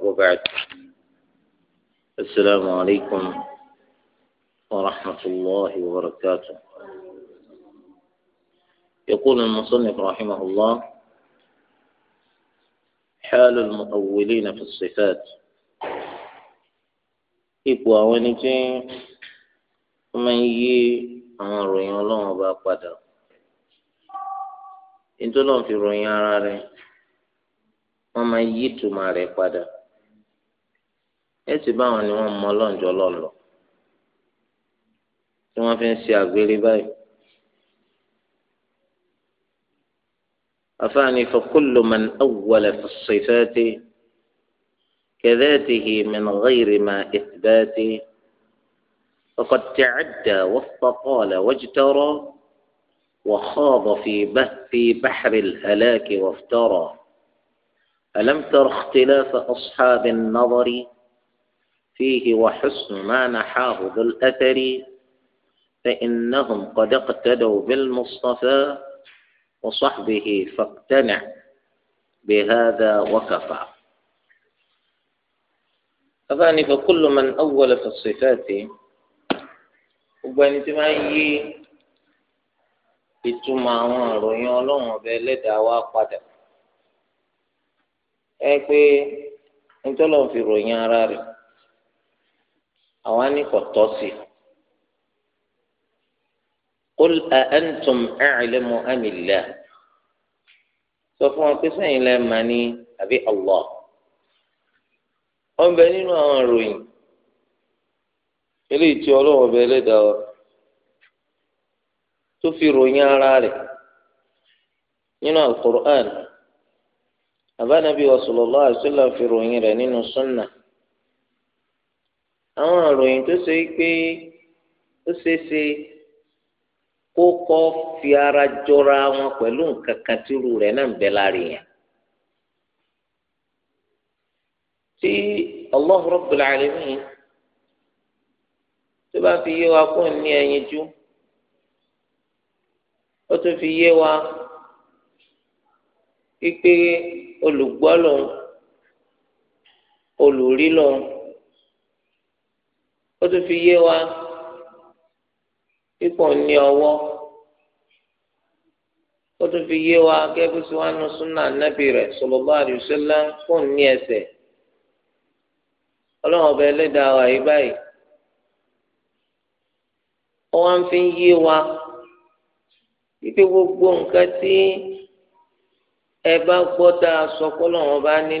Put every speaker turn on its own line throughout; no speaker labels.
وبعد السلام عليكم ورحمة الله وبركاته يقول المصنف رحمه الله حال المؤولين في الصفات ipò àwọn ẹni tí wọ́n máa ń yí àwọn ìròyìn ọlọ́run ọba padà nítorí wọ́n fi ròyìn ara rẹ̀ wọ́n máa ń yí padà. ẹ sì bá àwọn ni wọ́n mọ ọlọ́njọ́ lọ́lọ́ tí wọ́n fi ń ṣe àgbélé báyìí. أفاني فكل من أول في الصفات كذاته من غير ما إثبات فقد تعدى واستقال واجترى وخاض في بث بحر الهلاك وافترى ألم تر اختلاف أصحاب النظر فيه وحسن ما نحاه ذو الأثر فإنهم قد اقتدوا بالمصطفى وصحبه فاقتنع بهذا وكفى أباني فكل من أول في الصفات وبين تمايي ìtumọ̀ àwọn ìròyìn ọlọ́run ọbẹ̀ ẹlẹ́dàá wa padà ẹ pé nítorí òun fi ròyìn ara rẹ̀ àwa ní kò tọ́ sí i. قل أأنتم أعلم أم الله sọ fún wọn pé sẹ́yìn lẹ́ẹ̀ máa ní àbí Allah ọ̀nbẹ nínú àwọn ìròyìn eléyìí tí ọlọ́wọ́ bẹ lẹ́dàá tó fi ròyìn ara rẹ̀ nínú Al-Qur'an àbánabi wa sallallahu alaihi wasallam fi ròyìn rẹ̀ nínú sunnah àwọn ìròyìn tó ṣe pé ó ṣeé ṣe kó kọ́ fi ara jọra wọn pẹ̀lú nǹkan kan tí rẹ̀ náà ń bẹ lára yẹn. tí Allah Rabbul Alamin tó bá fi yé wa kó ní ẹyinjú ó tún fi yé wa pípé olùgbọ́ lòun olùrí lòun. ó tún fi yé wa ipò ní ọwọ́ ó tún fi yé wa gẹ́gẹ́ bí wọ́n á nu súnà nábì rẹ̀ sallallahu alaihi wasallam ní ẹsẹ̀ ọlọ́run ọba ẹlẹ́dàá wa yìí báyìí fi yé wa wípé gbogbo nǹkan tí ẹ bá gbọ́ tá a sọ kọ́ lọ́wọ́n bá ni.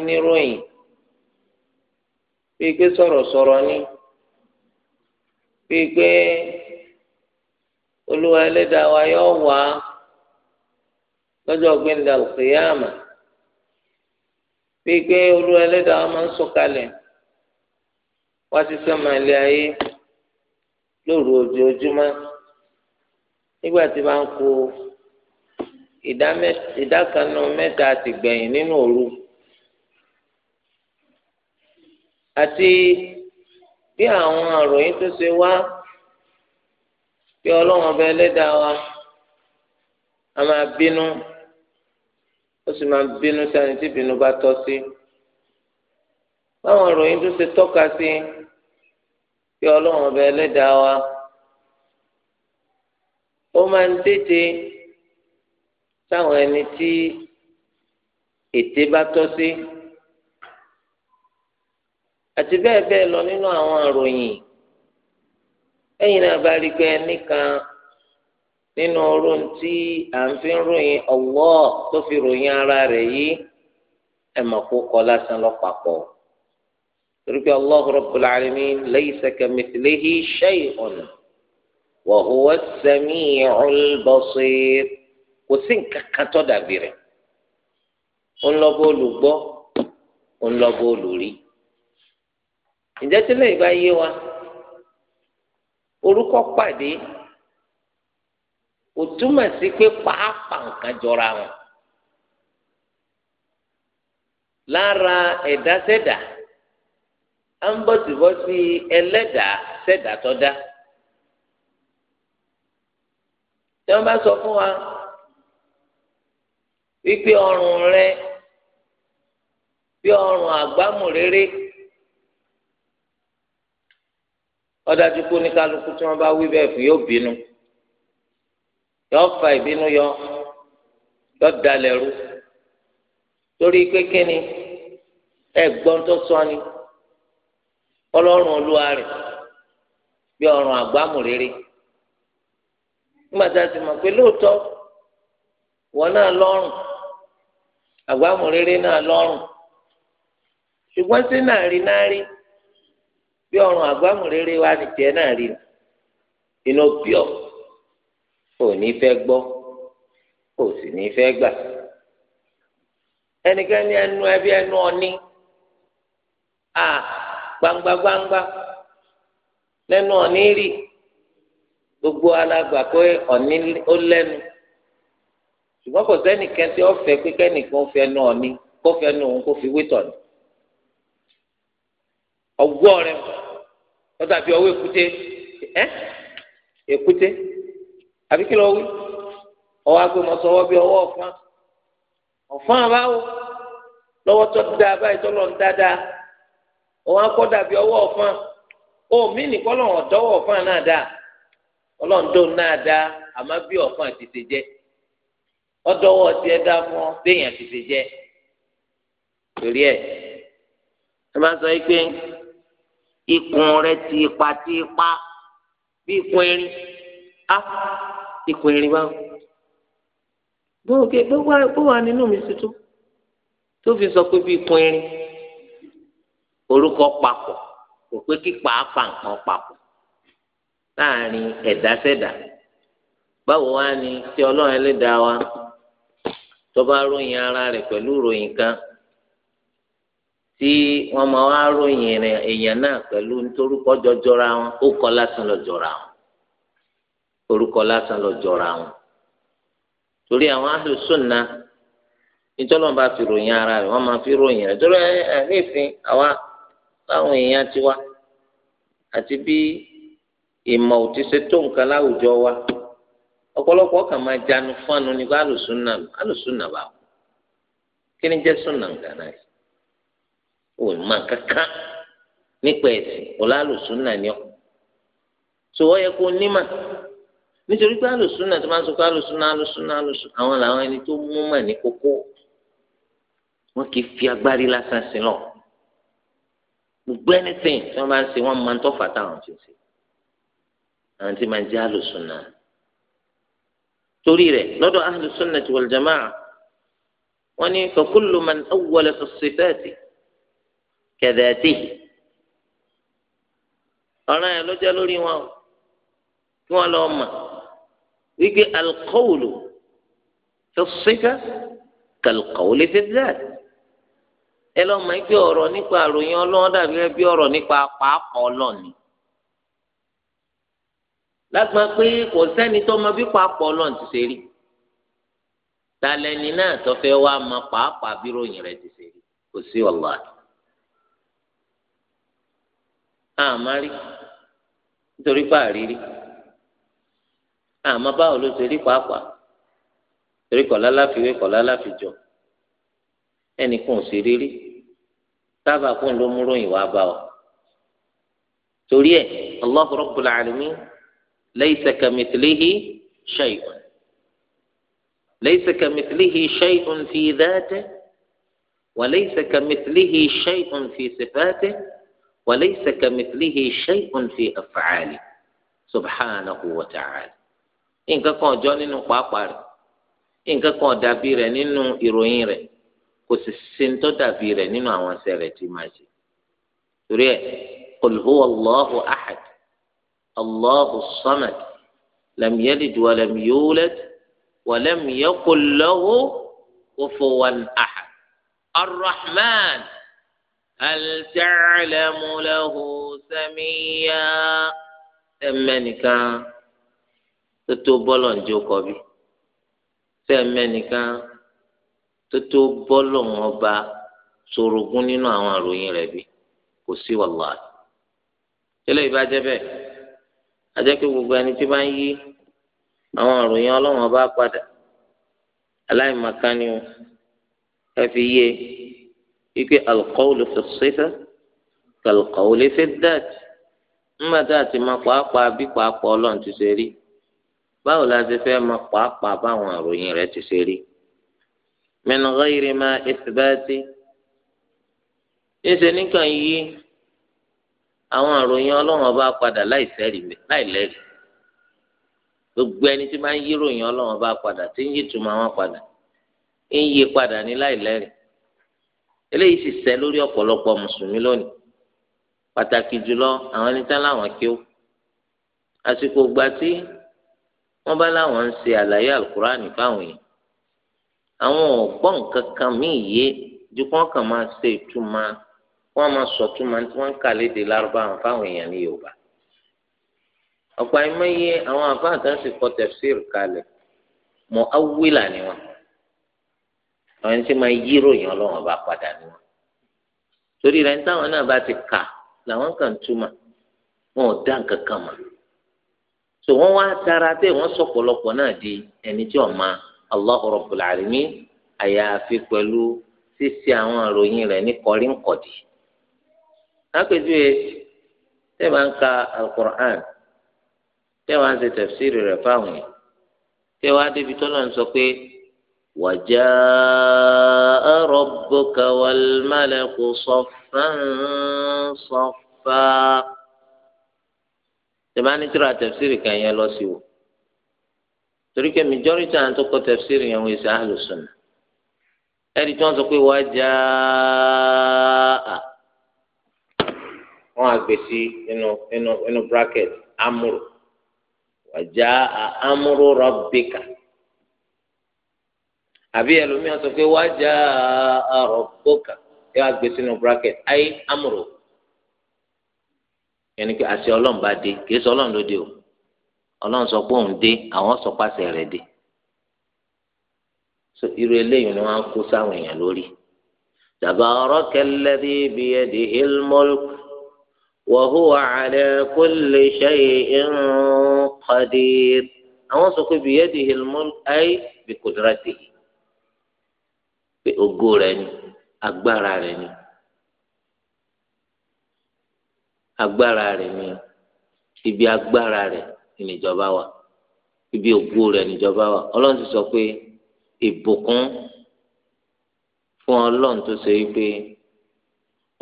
pípé olúwa ẹlẹ́dàá wa yóò wá lọ́jọ́ gbẹ̀ndà òkèèyàmà pípé olúwa ẹlẹ́dàá wa máa ń sọ̀kalẹ̀ wá sí sọ́mà ilé ayé lóru ojoojúmọ́ nígbà tí bá ń ìdá kan mẹ́ta gbẹ̀yìn bí àwọn àròyìn tó ṣe wá bí ọlọ́run ọba ẹlẹ́dàá wa a máa bínú ó sì máa bínú sani tí bínú bá tọ́ sí báwọn àròyìn tó ṣe tọ́ka sí bí ọlọ́run ọba ẹlẹ́dàá wa ó máa ń tètè sáwọn ẹni tí ète bá tọ́ sí. Si àti bẹ́ẹ̀ bẹ́ẹ̀ lọ nínú àwọn àròyìn ẹ̀yin náà bá rí pé ẹnìkan nínú ọrùn tí à ń fi ròyìn ọwọ́ tó fi ròyìn ara rẹ̀ yìí ẹ̀ mọ̀ kó kọ́ lásán lọ́pàpọ̀ torí pé Allahu Rabbul Alamin laysa kamithlihi shay'un wa huwa as-sami'ul basir kò sí nǹkan kan tó dàbí rẹ̀ ńlọ́bọ̀ olùgbọ́ ńlọ́bọ̀ olùrí. ǹjẹ́ tí lẹ́yìn bá yé wa orúkọ pàdé kò túmọ̀ sí pé pàápàá nǹkan jọra wọn lára ẹ̀dá sẹ́dà á ń bọ̀ tìbọ̀ sí ẹlẹ́dà sẹ́dà tó dá tí wọ́n bá sọ fún wa wípé ọrùn rẹ bí ọrùn àgbámù ọdájú kó ní kálukú tí wọn bá wí fún yóò bínú yóò fa ìbínú yọ yóò dalẹ̀ torí pé kíni ẹgbọn tó sọ ni Ọlọ́run olúwa rẹ̀ bí ọrùn àgbámúrere nígbà sì a pé lóòótọ́ wọn náà àgbámúrere ṣùgbọ́n sí náà rí náà bí ọrùn àgbámúrere wa ni tiẹ̀ náà rí iná bíọ̀ ò ní fẹ́ gbọ́ ò sì ní fẹ́ gbà ẹnikẹ́ni ẹnu ẹbí ẹnu ọ̀ní à gbangba gbangba lẹ́nu ọ̀ní rì gbogbo alágbà pé ọ̀ní ó lẹ́nu ṣùgbọ́n kò sẹ́nìkan tí ó fẹ́ pé kẹ́nìkan fẹ́ nu ọ̀ní kó fẹ́ nu òun kó fi wé tọ̀ ní ọgbọ́ rẹ̀ wọ́n lọ́tà bí ọwọ́ èkúté ẹ́ èkúté àbí kí lọ wí
ọwọ́ agbèmọ̀ sọwọ́ bí ọwọ́
ọ̀fọ́n ọ̀fọ́n àbáwò lọ́wọ́ tó dáa báyìí tó lọ́n dáadáa ọwọ́ akọ́ dàbí ọwọ́ ọ̀fọ́n omi nìkan lọ́wọ́ ọ̀dọ́wọ́ ọ̀fọ́n náà dáa ọlọ́ọ̀dọ́ náà dáa àmọ́ bí ọ̀fọ́n àtètè jẹ́ ọ̀dọ́wọ́ tiẹ̀ dá fún ọ béèyàn àtètè jẹ́ torí ẹ̀ ẹ máa sọ yìí pé ikùn rẹ ti ipa ti ipa bí ikùn erin á ikùn erin báwo. gbọ́dọ̀ gbogbo wà nínú mi tuntun tó fi sọ pé bí ikùn erin orúkọ papọ̀ kò pé kí pàápàá nǹkan papọ̀ láàrin ẹ̀dá sẹ̀dá báwo wá ni tí ọlọ́run ẹlẹ́dàá wa tó bá ròyìn ara rẹ̀ pẹ̀lú ròyìn kan. tí wọn máa wá ròyìn èèyàn náà pẹ̀lú nítorúkọ jọjọra wọn ó kọ lásán lọ jọra wọn orúkọ lásán lọ jọra wọn torí àwọn ahlùsùnà nítorí wọn bá fi ròyìn ara rẹ̀ wọn máa fi ròyìn torí àwa báwọn wá àti bí ìmọ̀ tó wa ọ̀pọ̀lọpọ̀ máa jánu nípa kí ni jẹ́ sùnà ń ò mọ̀ kankan nípa ẹ̀sìn ọlálùsúnà ni ọ tó ọ yẹ kó nímà nítorí pé alùsúnà tó máa ń sọ pé alùsúnà alùsúnà alùsúnà àwọn làwọn ẹni tó mú mà ní kókó wọn kì í fi agbárí lásán sí lọ gbogbo anything tí wọn bá ń ṣe wọn máa ń tọfà táwọn ti ṣe àwọn tí máa ń jẹ alùsúnà torí rẹ̀ lọ́dọ̀ alùsúnà wal jamaa wọn ní fa kullu man awwala fi sifati kẹ̀dẹ̀ẹ́tì ọ̀ràn yẹn ló jẹ́ lórí wọn o kí wọ́n lọ́ọ́ mọ̀ wípé alukọ́wùlù tó síkà kàlùkọ́wùlù fi dáàd ẹ lọ́ọ́ mọ̀ wípé ọ̀rọ̀ nípa àròyìn ọlọ́wọ́ dàbí ẹbí ọ̀rọ̀ nípa pàápàá ọlọ́ọ̀ni lágbà pé kò sẹ́ni tó mọ bí pàápàá ọlọ́ọ̀ni ti ṣe rí talẹ́ni náà tó fẹ́ wá mọ pàápàá bí ròyìn rẹ̀ ti ṣe rí kò sí wàláhì. àmọ́ rí nítorí pé àrírí àmọ́ báwo ló ṣe rí pàápàá torí kọ̀ọ̀lá láfiwé kọ̀ọ̀lá láfijọ́ ẹnìkan ò sí rírí sábà kún ló mú ròyìn wá bá ọ torí ẹ Allahu Rabbul Alamin laysa kamithlihi shay'un laysa kamithlihi shay'un fi dhatihi wa laysa kamithlihi shay'un fi sifatihi. وليس كمثله شيء في أفعاله سبحانه وتعالى إن كان جون قاقر إن كان دابير نينو إروينر كسسنتو دابير نينو أوان سيرتي ماجي تريه قل هو الله أحد الله الصمد لم يلد ولم يولد ولم يقل له كفوا أحد الرحمن هل تعلم له سميا سمنكا تتو بولون جو كوبي سمنكا تتو بولون ọba sorogún nínú àwọn àròyìn rẹ̀ bí kò sí wàláì tẹ́lẹ̀ ìbàjẹ́ bẹ́ẹ̀ àjẹkẹ gbogbo ẹni tí bá ń yí àwọn àròyìn Ọlọ́run ọba padà aláìmọ̀kan ni yé ike alukọ́wùlù fi sífẹ́ kàlùkọ́wùlù fi dáàtì nígbà tá a ti máa pàápàá bí pàápàá ọlọ́run ti ṣe rí báwo la ti fẹ́ máa pàápàá báwọn àròyìn rẹ̀ ti ṣe rí min ghayri ma ithbati níṣẹ́ nìkan yí àwọn àròyìn ọlọ́run ọba padà láìlẹ́rìí gbogbo ẹni tí máa ń yí ròyìn ọlọ́run padà tí ń tuma wọn padà ń yí padà ní láìlẹ́rìí eléyìí sì ṣẹ lórí ọ̀pọ̀lọpọ̀ mùsùlùmí lónìí pàtàkì jùlọ àwọn ẹni tán láwọn kí ó àsìkò gba tí wọ́n bá láwọn ń ṣe àlàyé alukurani fáwọn yìí àwọn ọgbọ́n kankan míì yé ju kí wọ́n kàn máa ṣe ìtumọ̀ wọ́n máa sọ túmọ̀ tí wọ́n ń kà lédè lárúbáwọn fáwọn èèyàn ní yorùbá ọ̀pọ̀ àìmọye àwọn àfáàtàn sì kọ tẹ̀síìr kalẹ̀ mọ awúwìlà ni wọn àwọn ẹni tí máa yí ròyìn ọlọ́run ọba padà ni wọn torí rẹ̀ táwọn náà bá ti kà làwọn kan túmọ̀ wọn ò dá nǹkan kan mọ̀ so wọn wá tara tẹ wọn sọ̀pọ̀lọpọ̀ náà di ẹni tí wọn máa Allahu Rabbul Alamin àyàfi pẹ̀lú ṣíṣe àwọn àròyìn rẹ̀ ní kọrínkọdì lápẹjúwe tẹ máa ń ka alukur'an tẹ máa ń ṣe tẹfsiri rẹ̀ fáwọn yẹn tẹ wá débi tọ́lọ́ ń sọ pé. وجاء ربك والملك صفا صفا tẹ̀bá ní tíra tẹ̀fsìrì kan yẹn lọ sí o torí pé majority àwọn tó kọ tẹ̀fsìrì yẹn wọ́n ṣe àlùsùn ẹ̀rí tí wọ́n sọ pé wàjáà wọ́n á gbé sí inú inú inú bracket amúrò wàjáà amúrò rọ́bìkà àbí ẹlòmíràn sọ pé wá já ọ̀rọ̀ bókà yóò gbé sínú bracket ayé amúrò yẹnni pé àṣẹ ọlọ́run bá dé kìí sọ ọlọ́run ló dé o ọlọ́run sọ pé òun dé àwọn sọ pàṣẹ rẹ̀ dé so irú eléyìí ni wọ́n kó sáwọn èèyàn lórí tabaraka alladhi biyadihil mulk wa huwa ala kulli shay'in qadir àwọn sọ pé biyadihil mulk ayé bi qudratihi pé ògo rẹ ni agbára rẹ ni agbára rẹ ni ibi agbára rẹ níjọba wà ibi ògo rẹ níjọba wà ọlọ́run ti sọ pé ìbùkún fún ọlọ́run tó ṣe wípé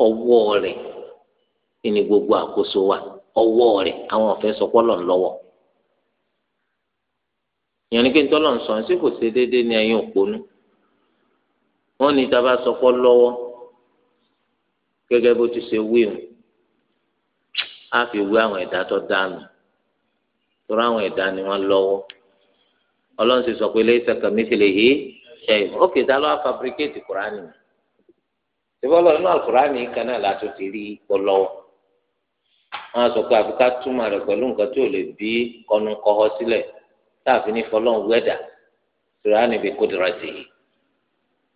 ọwọ́ rẹ̀ ni gbogbo àkóso wà ọwọ́ rẹ̀ àwọn ọ̀fẹ́ sọ pé ọlọ́run lọ́wọ́ ìyẹn ni pé ntọ́lọ́run sọ ọ́n sí kò ṣe déédéé ní ẹ̀yìn òpónú wọn ní ìjọba sọpọ lọ́wọ́ gẹ́gẹ́ bó ti ṣe wí o á fi wí àwọn ẹ̀dá tó dànù torí àwọn ẹ̀dá ni wọn lọ́wọ́ Ọlọ́run sì sọ pé laysa kamithlihi shay'un ó kè tá ló wá fabricate kúránì ìbọlọ inú àkùránì kan náà láti ti rí ọlọ́wọ́ wọn sọ pé àfikà túmọ̀ rẹ̀ pẹ̀lú nǹkan tí ò lè bí kọnu kọhọ sílẹ̀ táàfin ní fọlọ́n wẹ́dà kúránì bí kúdírátì yìí.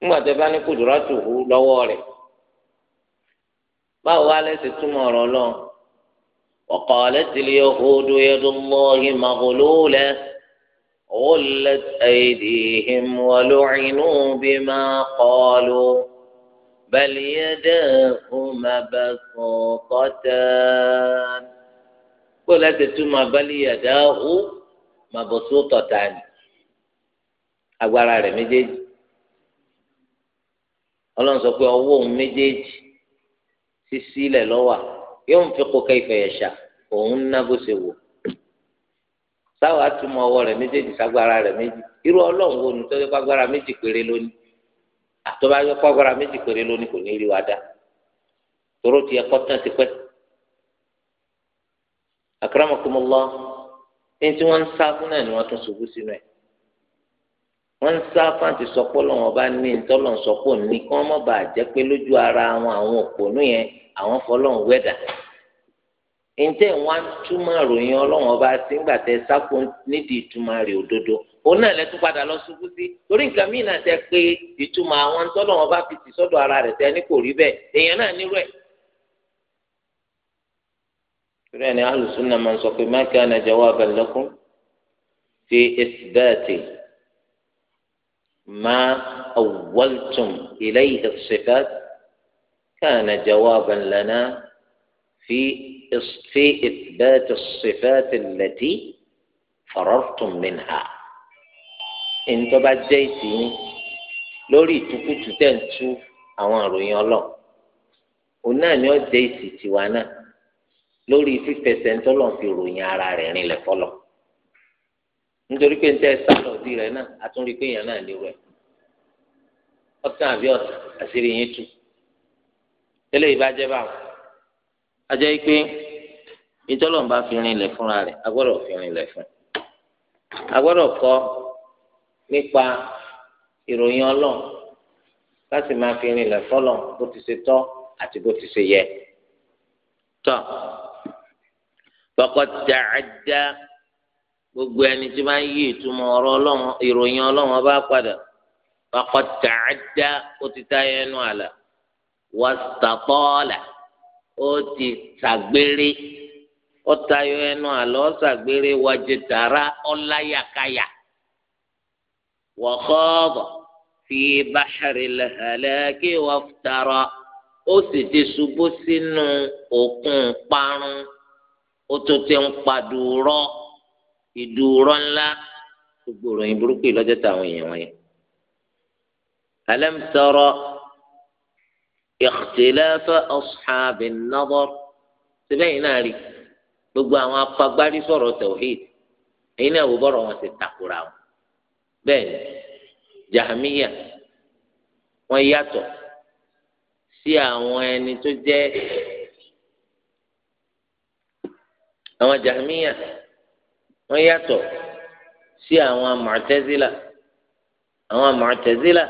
nígbà tó bá ní kùdùrọ́tù hù lọ́wọ́ rẹ̀ báwo wá lẹ́sẹ̀ túmọ̀ ọ̀rọ̀ lọ́n وقالت اليهود يد الله مغلولة غلت أيديهم ولعنوا بما قالوا بل يداه مبسوطتان ولا تتم بل يداه مبسوطتان أقول على مجيج ọlọ́run sọ pé ọwọ́ òun méjèèjì sísí ilẹ̀ lọ́wà yóò ń fi kó kẹ́fẹ́ yẹn ṣá òun ná bó ṣe wò sáwà túmọ̀ ọwọ́ rẹ̀ méjèèjì ságbára rẹ̀ méjì irú ọlọ́run wo ni tó yẹ pàgbára méjì péré lónìí àtọ́ba yẹ pàgbára méjì péré lónìí kò ní rí wa dá toró ti ẹkọ tán ti pẹ́ akramakumullah ní tí wọ́n ń sá fún náà ni wọ́n tún ṣubú sínú ẹ̀ wọ́n ń sá fáǹtì sọpọ lọ́wọ́ bá ní ntọ́lọ́ sọpọ ní kí wọ́n mọ̀ bá jẹ́ pé lójú ara àwọn àwọn òpònú yẹn àwọn fọlọ́hún wẹ̀dà ǹjẹ́ wọ́n á túmọ̀ ròyìn ọlọ́wọ́n bá sígbà tẹ sáko nídìí ìtumọ̀ rẹ̀ òdodo òun náà lẹ́tún padà lọ ṣubú sí torí nǹkan míì náà tẹ pé ìtumọ̀ àwọn ntọ́lọ́wọ́n bá fi tì sọ́dọ̀ ara rẹ̀ tẹ ní kò rí bẹ́ẹ̀ èèyàn náà nírú ẹ̀ rẹ̀ ni alùsùn náà máa ń sọ pé má kana jawaban lakum fi isbati ما أولتم إليه الصفات كان جوابا لنا في في إثبات الصفات التي فررتم منها إن تبجيتي لوري تكوتو تنتو àwọn àròyìn ọlọ òun náà ni ó jẹ èsì tiwa náà lórí fífẹsẹ̀ ńtọ́lọ̀ nítorí pé níta ẹsẹ àlọ òdì rẹ náà àtúndì pé èèyàn náà léwu ẹ ọtún àbí ọtún àṣírí yín tú tẹ́lẹ̀ ìbàjẹ́ báwọn ajẹ́ pé ìtọ́lọ̀ ń bá fi rin ilẹ̀ fúnra rẹ̀ agbọ́dọ̀ fi rin ilẹ̀ fún agbọ́dọ̀ kọ́ nípa ìròyìn ọlọ́run láti máa fi rin ilẹ̀ fọ́lọ̀ bó ti ṣe tọ́ àti bó ti ṣe yẹ tọ́ faqad ta'adda gbogbo ẹni tí máa ń yí ìtumọ̀ ọ̀rọ̀ ọlọ́run ìròyìn ọlọ́run bá padà fakọ tààdá ó ti táyé ẹnu àlà wàsítàpọ́ọ̀là ó ti ṣàgbére ó tayọ ẹnu àlọ́ ó ṣàgbére wàjẹtàrà ọláyàkáyà wàkọ́ọ̀bọ̀ fi báṣẹ̀rì lẹ́hẹ̀lẹ́kì wàfùtàrà ó sì ti ṣubú sínú òkun parun ó tún ti ń padù rọ́ọ̀ ìdúró ńlá gbogbo ìròyìn burúkú ìlọ́jọ́ táwọn èèyàn wọ̀nyẹn. ألم تر اختلاف أصحاب النظر سبعين ناري gbogbo àwọn afagbárí sọ̀rọ̀ tawhid èyí náà wò bọ́rọ̀ wọn ti takura wọn bẹ́ẹ̀ ni jahamiya wọn yàtọ̀ sí àwọn ẹni tó jẹ́ àwọn jahamiya wọ́n yàtọ̀ sí àwọn Mu'tazila àwọn Mu'tazila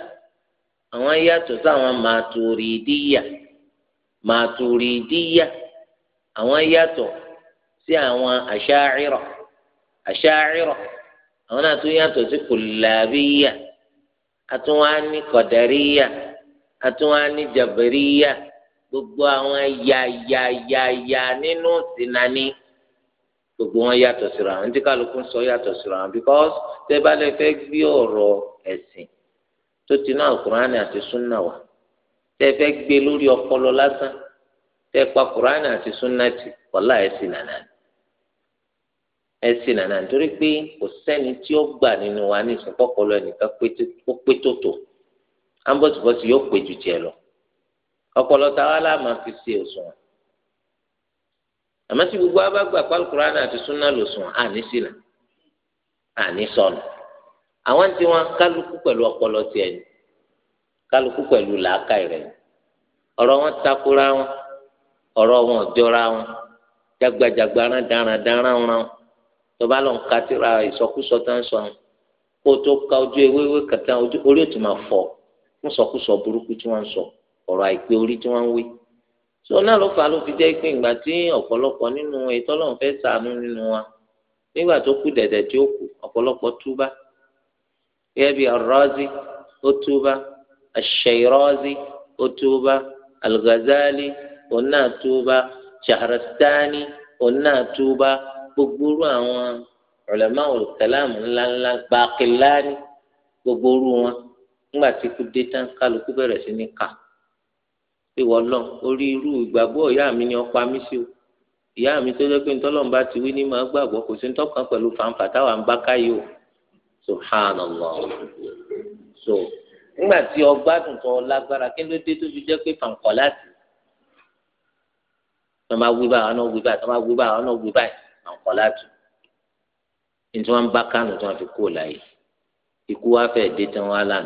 àwọn yàtọ̀ sí àwọn Maturidiyya Maturidiyya àwọn yàtọ̀ sí àwọn Asha'ira Asha'ira àwọn náà tún yàtọ̀ sí Kullabiyya àtúnwání Qadariyya àtúnwání Jabriyya gbogbo àwọn yàyàyàyà nínú sínani. Ya, ya, ya, ya, gbogbo wọn yàtọ̀ síra àwọn tí kálukú sọ yàtọ̀ síra àwọn because tẹ́ bá lè fẹ́ gbé ọ̀rọ̀ ẹ̀sìn tó ti ná alukur'ani àti sunna wa tẹ́ fẹ́ gbé lórí ọpọlọ lásán tẹ́ pa alukur'ani àti sunna ti wàhálà ẹ̀sìn nànà ẹ̀sìn nànà nítorí pé kò sẹ́ni tí ó gbà nínú wa ní ìsìn pọ́pọ́lọ ẹnìkan ó pé tòtò ambọ̀tìbọ̀tì yóò pé ju tiẹ̀ lọ ọpọlọ táwa láàmà fi ṣe òṣùwọ̀n àmọ́ tí gbogbo wa bá gbà pé alukur'an àti sunna ló sùn àní sílẹ̀ àní sọnù àwọn tí wọn kálukú pẹ̀lú ọpọlọ tiẹ̀ ni kálukú pẹ̀lú làákàyè rẹ̀ ni
ọ̀rọ̀ wọn takora wọn
ọ̀rọ̀ wọn jọra wọn jagbajagba rán darandaran wọn tó bá lọ ń katira ìsọkúsọ tó ń sọ kó tó ka ojú ewéwé kàtà orí ètò máa fọ fún sọkúsọ burúkú tí wọn ń sọ ọ̀rọ̀ àìpé orí tí wọn ń wí sọ náà ló fà á ló fi jẹ́ pé ìgbà tí ọ̀pọ̀lọpọ̀ nínú ètò ọlọ́run fẹ́ ṣàánú nínú wa nígbà tó kú dẹ̀dẹ̀ tí ó kù ọ̀pọ̀lọpọ̀ túbá gẹ́gẹ́ bí Ar-Razi ó túbá Ash-Shirazi ó túbá Al-Ghazali náà túbá Shahrastani òun náà túbá gbogbo irú àwọn ulama ul ńláńlá Baqillani gbogbo irú wọn nígbà tí kú dé tán kálukú bẹ̀rẹ̀ sí ní kà pé wọlọ orí irú ìgbàgbọ́ ìyá mi ni ọpa mi sí o ìyá mi tó jẹ́ pé ntọ́lọ́mù bá ti wí ní máa gbàgbọ́ kò sí ntọ́kàn pẹ̀lú fanfa táwa ń bá káyé o subhanallah so nígbà tí ọgbà tuntun ọlágbára kí ló dé tó fi jẹ́ pé fàǹkọ́ láti tí wọ́n bá wí báyìí àwọn náà wí báyìí tí wọ́n bá wí báyìí àwọn náà wí báyìí fàǹkọ́ láti ní tí wọ́n bá kánú tí wọ́n fi kó láyé ikú wa fẹ́ẹ́ dé tí wọ́n á là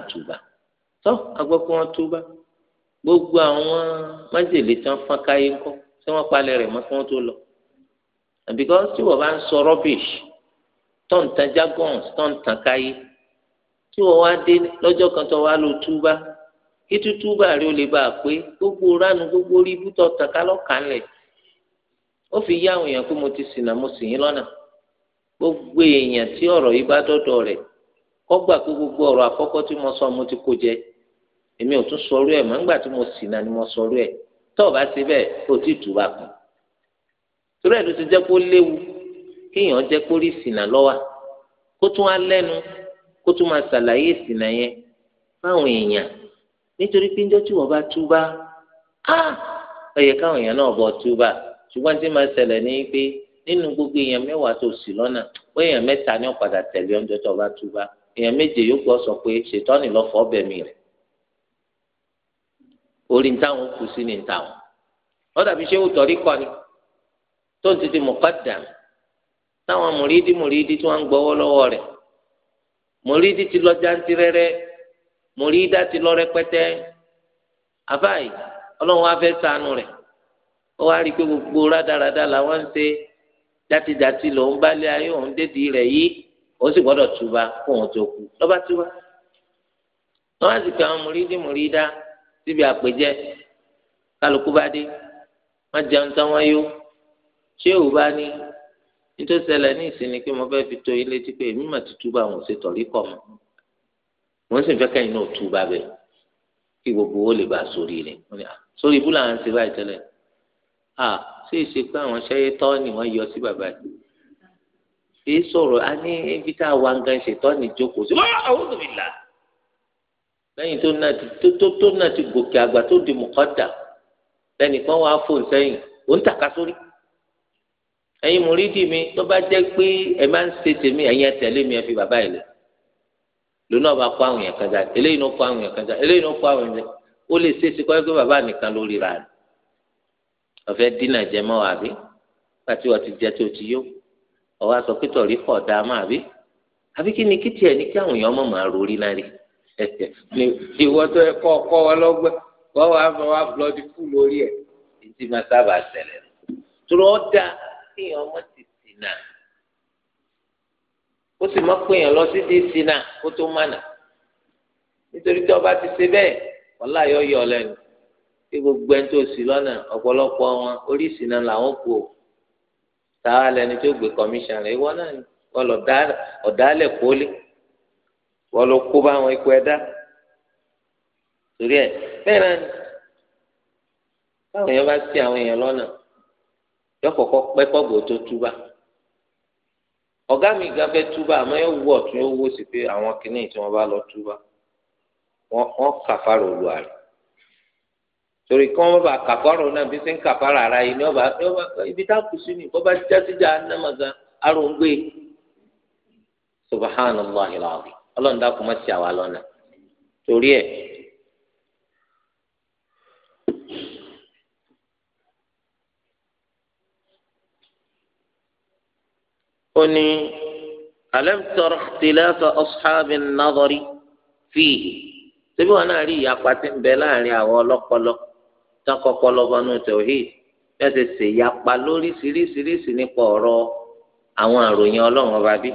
tó agbọ́ pé túbà. So, gbogbo àwọn májèlé tí wọ́n fọ́n káyé ńkọ́ tí wọ́n palẹ̀ rẹ̀ mọ́ kí wọ́n tó lọ àbíkọ́ tí wọ́n bá ń sọ rubbish tó ń tan jargons tó ń tan káyé tí wọ́n wá dé lọ́jọ́ kan tó wá lọ túbá kí tútúbà rí o lè bá a pé gbogbo ránu gbogbo rí ibùtọ̀ tàn ká lọ́kànlẹ̀ ó fi yá àwọn èèyàn pé mo ti ṣìnà mo sì yín lọ́nà gbogbo èèyàn tí ọ̀rọ̀ yìí bá dọ́dọ̀ rẹ̀ kọ́gbà pé gbogbo ọ̀rọ̀ àkọ́kọ́ tí mo sọ mo ti kó jẹ èmi ò tún sọrú ma, mọ́ nígbà tí mo sì náà ni mo sọrú ẹ̀ tó o bá ṣe bẹ́ẹ̀ o ti tù bá kù torí ẹ̀ ló ti jẹ́ kó léwu kéèyàn jẹ́ kó rí ìsìnà lọ́wọ́ kó tún á lẹ́nu kó tún máa ṣàlàyé ìsìnà yẹn fáwọn èèyàn nítorí pé njọ́ tí wọ́n bá túbá á ó káwọn èèyàn náà bọ̀ ṣùgbọ́n tí máa gbogbo èèyàn mẹ́wàá tó sì lọ́nà ó èèyàn mẹ́ta ní tẹ̀lé ọjọ́ tó bá sọ pé bẹ̀mí rẹ̀ orí ń táwọn kù sí ní ń wọ́n dàbí ṣé òtọ́rí kọ́ ni tó ń titi muqaddam táwọn mùrídìí mùrídìí tí wọ́n ń gbọ́wọ́ lọ́wọ́ rẹ̀ mùrídìí ti lọ jantirẹrẹ mùrídà ti lọ rẹpẹtẹ àbáyé ọlọ́run wá fẹ́ ṣàánú rẹ̀ ó wá rí i pé gbogbo rádaràda làwọn ń ṣe játidàti lòún bá lé ayé òun dédìí rẹ̀ yìí ó sì gbọ́dọ̀ túba kó òun tó kú lọ́ba túba wọ́n á pé àwọn mùrídìí mùrídà síbi àpèjẹ kálukú bá dé má jẹun tán wọn yó ṣé ò bá ní nítorí ṣẹlẹ̀ ní ìsinmi pé mo fẹ́ẹ́ fi tó ilé tí pé èmi mà ti túbà àwọn òsè tọ̀rí kọ̀ mọ́ mo sì fẹ́ kẹ́yìn náà tú bá bẹ̀ kí gbogbo owó lè bá a sórí rẹ̀ sórí ibú làwọn ṣe báyìí tẹ́lẹ̀ à ṣé ìṣe pé àwọn ṣẹ́yẹ tọ́ ni wọ́n yọ sí bàbá yìí èyí sọ̀rọ̀ a ní ibi tá a wà ń gan ṣètọ́ ni jókòó sí wọ́n àwọn òbí là á lẹ́yìn tó náà ti tó tó náà ti gòkè àgbà tó di mọ̀kọ́dà lẹ́nìkan wàá fò sẹ́yìn ó ń tàka sórí. ẹ̀yin mùrídìí mi tó bá jẹ́ pé ẹ máa ń ṣe tèmi ẹ̀yin ẹ tẹ̀lé mi ẹ fi bàbá yìí lẹ̀ lónà ọba kó àwọn yẹn kan jáde eléyìí ló kó àwọn yẹn kan jáde eléyìí ló kó àwọn yẹn ó lè ṣe é kọ́ pé bàbá nìkan lórí ra rẹ̀ ọ̀fẹ́ dínà jẹ mọ́ wa bí pàtí wọ́n ti jẹ tó ti yó ọ̀wá sọ pé tọ̀rí kọ̀ dáa má bí àbí kí ni kí tiẹ̀ ní kí àwọn èèyàn mọ̀ máa rorí náà rí ìwọ tó yẹ kọ́ ọkọ́ wọn lọ́gbẹ́ wọ́n wàá fọ wá blọ́dì kú lórí ẹ̀ ètí máa sábà ṣẹlẹ̀ nù. tùrọ̀ dá kéèyàn ọmọ ti ṣìnà ó sì mọ́ pé èèyàn lọ sí ti ṣìnà kó tó mànà nítorí tí ọba ti ṣe bẹ́ẹ̀ ọ̀la yọ yọ lẹ́nu kí gbogbo ẹni tó sì lọ́nà ọ̀pọ̀lọpọ̀ wọn orí ìṣìnà làwọn kú o táwa lẹni tó gbé kọmíṣánná ìwọ náà ọ̀dàlẹ̀ kólé wọ́n ló kó bá àwọn ikú ẹ̀dá torí ẹ̀ bẹ́ẹ̀ náà ni báwọn èèyàn bá sí àwọn èèyàn lọ́nà yọkọ̀kọ́ pẹ́ kọ́gbọ̀ tó túbà ọ̀gá mi gan fẹ́ túbà àmọ́ yóò wú ọ̀tún yóò sí torí kí wọn bá kàfàrọ náà bí ara yìí ni ibi tá a kù sí ni bá ọlọ́run dákun má sí àwa lọ́nà torí ẹ̀ ó ní alam tara ikhtilafa ashabi an-nadari síbí wọn náà rí ìyapa tí ń bẹ láàrin àwọn ọlọ́pọlọ tán kọ́pọlọ bọnú tauhid bẹ́ẹ̀ ṣe ṣèyapa lóríṣiríṣiríṣi nípa ọ̀rọ̀
àwọn àròyìn ọlọ́run ọba bíi.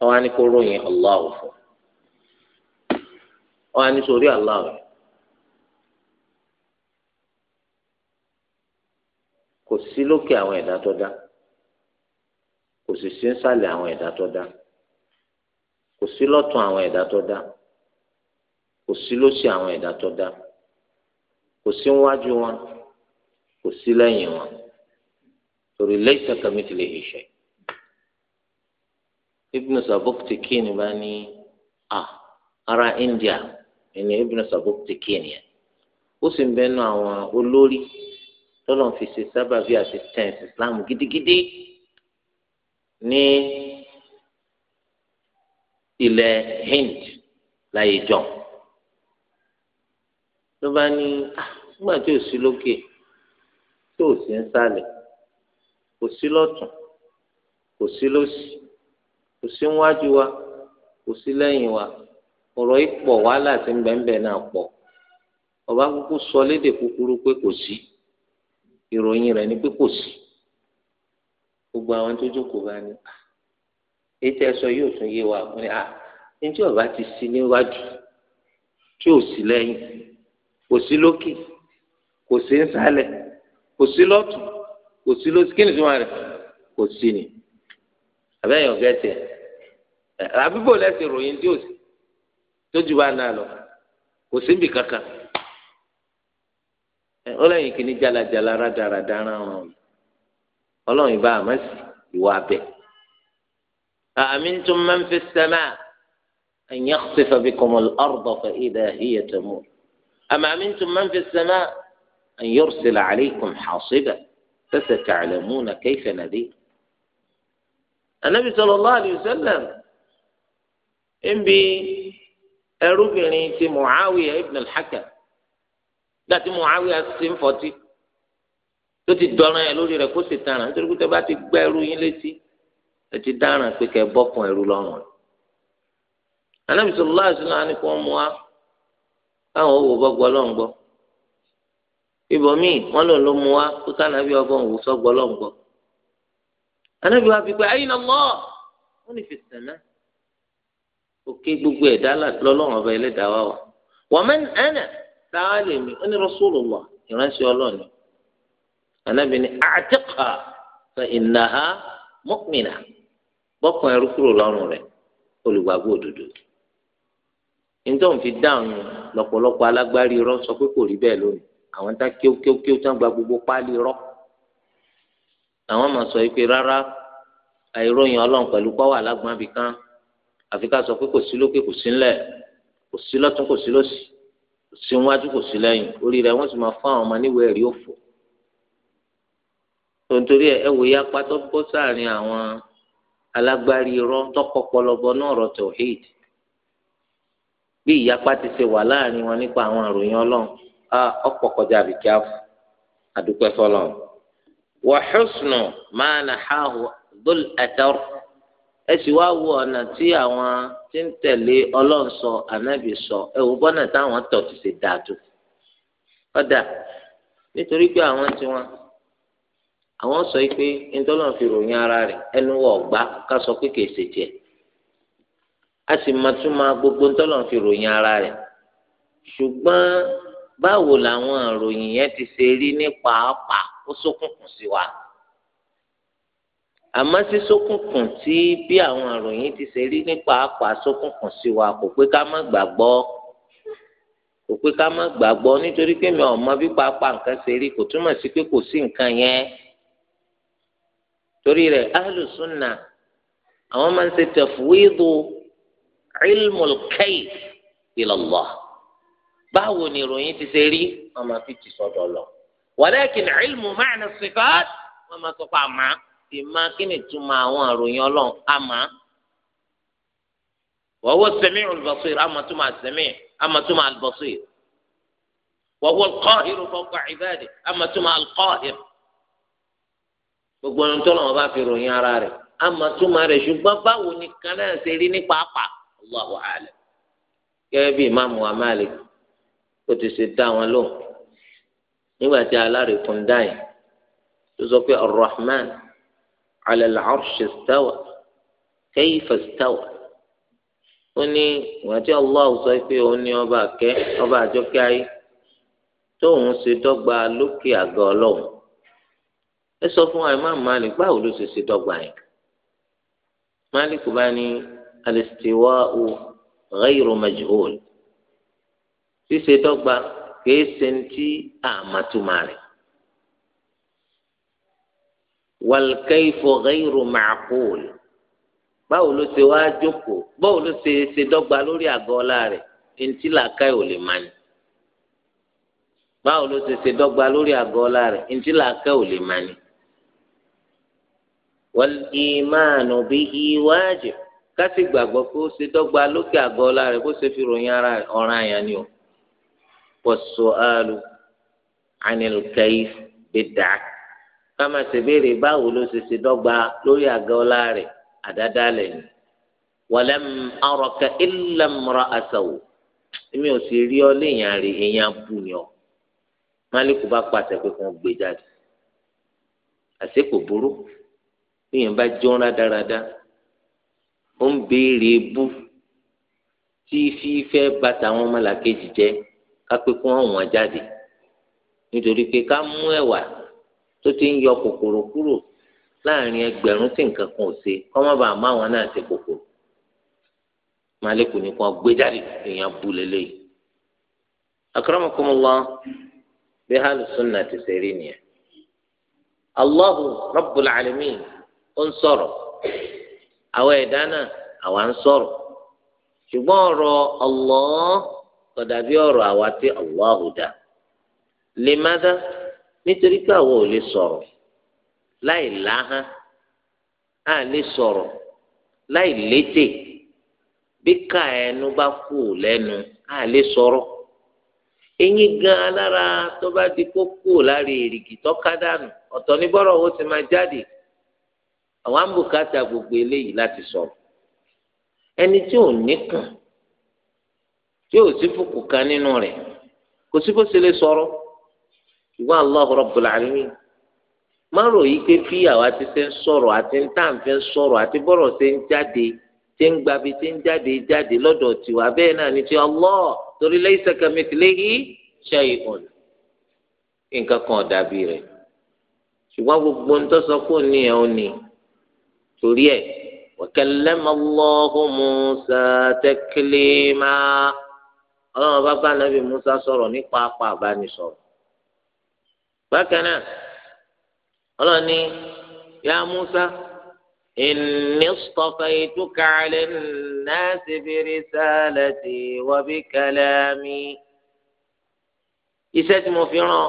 wọn á ní ròyìn allah fún wọn á ní sórí kò sí lókè àwọn ẹ̀dá tó dá kò sì sí nsàlẹ̀ àwọn ẹ̀dá tó dá kò sí lọ́tún àwọn ẹ̀dá tó dá kò sí ko àwọn ẹ̀dá tó dá kò sí wọn kò sí lẹ́yìn wọn torí laysa ibnu Sabuktikini bá ní à ara India ni ibnu Sabuktikini yẹn ó sì ń bẹnu àwọn olórí tọ́lọ̀ fi ṣe sábàbí àti tẹ̀sí Islam gidigidi ní ilẹ̀ Hind láyé jọ ló bá ní nígbà tí ò sí lókè tí ò sí ń sálẹ̀ kò sí lọ́tún kò sí lósì kò sí níwájú wa kò sí lẹ́yìn wa ọ̀rọ̀ yìí pọ̀ wàhálà tí pọ̀ ọba kúkú sọ léde kúkúrú pé kò sí ìròyìn rẹ̀ ni pé kò sí gbogbo àwọn tó jókòó bá ní ah, ètò yóò tún yé wa à ah, ọba ti sí níwájú tí ò sí lẹ́yìn kò sí lókè kò sí nsàlẹ̀ kò sí lọ́tún kò sí kí ni tí wọ́n rẹ̀ kò sí àbẹ́yìn ọ̀gá ẹ̀sẹ̀ àbíbò lẹ́sẹ̀ ròyìn tí ò sí tójú bá náà lọ kò síbi kankan ó lẹ́yìn kìíní jalajala rádaràdá ara wọn ọlọ́run bá àmọ́ sí ìwà abẹ. أأمنتم من في السماء أن يخسف بكم الأرض فإذا هي تمور أم أمنتم من في السماء أن يرسل عليكم حاصبا فستعلمون nà dé. anabi sallallahu alayhi wa sallam ń bi ẹrúbìnrin ti muawiya ibn al-hakam láti muawiya sí ń fọtí tó ti dọ̀ràn ẹ lórí rẹ̀ kó sì tàràn nítorí pé bá ti gbá ẹrú yín létí ẹ ti dáràn pé kẹ bọ́kùn ẹrú lọ́rùn rẹ̀ anabi sallallahu alayhi wa sallam ni kò wa káwọn owó bọ́gbọ́ lọ́n ibòmíì wọn lòun ló mú wa kó kánabi ọgbọ́n òwú sọ́gbọ́ lọ́n gbọ́ anabi wa fi pé ayé na mọ́ wọ́n ní fi sànà òkè gbogbo ẹ̀dá lọ́lọ́run ọba ẹlẹ́dàá wa wà wọ́n mẹ́n ẹ̀nà táwa lè mi wọ́n ní rasulullah ìránṣẹ́ ọlọ́ọ̀ni anabi ni àtẹ́kà fa ìnáha mọ́kùnmínà bọ́kàn ẹrú kúrò lọ́rùn rẹ̀ olùgbàgbọ́ òdodo nítorí òun fi dáhùn lọ́pọ̀lọpọ̀ alágbárí irọ́ sọ pé kò rí bẹ́ẹ̀ lónìí àwọn tá kéwkéwkéw tán gba gbogbo páálí irọ́ làwọn máa sọ pé rárá àìròyìn ọlọ́run pẹ̀lú pọ́wà lágbọ́n abì kan àfi ká sọ pé kò sí lókè kò sí ńlẹ̀ kò sí lọ́tún kò sí lọ́sì kò sí wájú kò sí lẹ́yìn orí rẹ̀ wọ́n sì máa fún àwọn ọmọ níwèé ẹ̀rí òfò tontori ẹ wòye apátọ bọ́ sáàrin àwọn alágbárí irọ́ tọkọ pọlọbọ náà rọ tọhíd bí ìyapa ti ṣe wà láàrin wọn nípa àwọn àròyìn Ọlọ́run ọ̀pọ̀ kọjá àbíkí àdúpẹ́ fọ́lọ́run. وحسن ما نحاه ذو الأثر ẹ sì wá ọ̀nà tí àwọn tí tẹ̀lé ọlọ́run sọ sọ ẹ wò bọ́nà ti nítorí pé àwọn tiwọn àwọn sọ pé ntọ́lọ́run ara rẹ̀ ẹnu ká sọ a sì máa gbogbo ara rẹ̀ ṣùgbọ́n báwo làwọn yẹn ti ṣe rí ó ṣókùnkùn sí wa àmọ́ sí ṣókùnkùn tí bí àwọn àròyìn ti ṣe rí nípa apá ṣókùnkùn sí wa kò pé ká má gbàgbọ́ kò pé ká má gbàgbọ́ nítorí pé mi ò mọ bí pápá nǹkan ṣe rí kò túmọ̀ sí pé kò sí nǹkan yẹn torí rẹ̀ ahlùsùnà àwọn máa ń ṣe tẹ̀fúwéèdù ilmul kayf báwo ni ìròyìn ti ṣe rí wọn máa fi tì sọ́dọ̀ Ọlọ́run walakin ilmu ma'na sifat wọ́n máa tọ́pọ̀ àmà ìmá kí ni túmọ̀ àwọn àròyìn ọlọ́run àmà. wa huwa as-sami'u al-basir àmà túmọ̀ as-sami' àmà túmọ̀ al-basir. wa huwa al-qahiru fawqa ibadihi àmà túmọ̀ al-qahir. gbogbo ohun tó lọ́wọ́ bá fi ròyìn ara rẹ̀ àmà túmọ̀ rẹ̀ ṣùgbọ́n báwo ni kan náà ṣe rí ní pàápàá Allahu a'lam. gẹ́gẹ́ bí ìmáàmù wa Malik ó ti ṣe dá wọn lóhùn nígbà tí alárìkún dáyìn tó sọ pé arrahman ala al-arsh istawa kayfa istawa ó ní ìgbà tí allah sọ pé òun ní ọba àkẹ́ ọba àjọkẹ́ ayé tóun ṣe dọ́gba lókè àgọ́ ọlọ́run ẹ sọ fún imam malik báwo ló ṣe ṣe dọ́gba yẹn malik bá ní al-istiwa'u ghayru majhul ṣíṣe dọ́gba kìí ṣe ń tí àmàtúmà rẹ̀. wàlùkẹ́yìfọ̀ ghayru ma'qul báwo ló ṣe wá jókòó báwo ló ṣe ṣe dọ́gba lórí àgọ́ ọlá rẹ̀ ntí làákàyè ò lè mani báwo ló ṣe ṣe dọ́gba lórí àgọ́ ọlá rẹ̀ ntí làákàyè ò lè mani. wal imanu bihi wajib kó ṣe dọ́gba lókè àgọ́ ọlá rẹ̀ kó ṣe fi ròyìn ara ọ̀ràn àyàn ni o. والسؤال عن الكيف بدعة kama sebere báwo ló ṣe ṣe dọ́gba lórí àga ọlá rẹ̀ àdádálẹ̀ ni wàlẹ́m arọ̀kẹ́ ìlẹ̀mọ́ra àṣàwò èmi ò sì rí ọ léèyàn rè èèyàn bù ni ọ málìkù bá pàṣẹ pé kàn gbé e jáde àṣé kò burú èèyàn bá jọ́nra dáradá ó ń béèrè bú tí fífẹ́ bàtà àwọn ọmọlàkejì jẹ́ kápẹ́ kí wọ́n wọ́n jáde nítorí pé ká mú ẹ̀wà tó ti ń yọ kòkòrò kúrò láàrin ẹgbẹ̀rún tí nǹkan kan ò ṣe kọ́ má bàa má wọn náà ṣe kòkòrò màálẹ́kùn ní kan gbé jáde èèyàn bu lélẹ́yìí. akramakumullah bí allahu rabbul Alimi ó ń sọ̀rọ̀ àwọn ẹ̀dá náà àwa ń kódà bí ọ̀rọ̀ àwa tí Allahu dá lè má dá nítorí pé àwa ò lè sọrọ láì láhán á lè sọ̀rọ̀ láì létè bí ká ẹnu bá kú lẹ́nu á lè sọ̀rọ̀ eyín gan alára tó bá di kó kú lára èrìgì tọ́ka dànù ọ̀tọ̀ ní bọ́rọ̀ owó ti máa jáde àwọn àbùkátà gbogbo eléyìí láti sọ̀rọ̀ ẹni tí ò ní kàn tí o sí fòkù kan nínú rẹ̀ kò sí bó ṣe lè sọ̀rọ̀ ìwà Allah Rabbul Alamin má rò yí pé bí àwa ti ṣe ń sọ̀rọ̀ àti ń tàǹfẹ́ ń sọ̀rọ̀ àti bọ́rọ̀ ṣe ń jáde ṣe ń gbabi ṣe ń jáde jáde lọ́dọ̀ tiwa bẹ́ẹ̀ náà ni ti Allah torí nǹkan kan ọlọ́run bá bá nàbì musa sọ̀rọ̀ nípa apá àbánisọ̀rọ̀ bákan náà ọlọ́run ní yá musa inni istafaytuka ala nnasi bi risalati wa bi kalami iṣẹ́ tí mo fi rán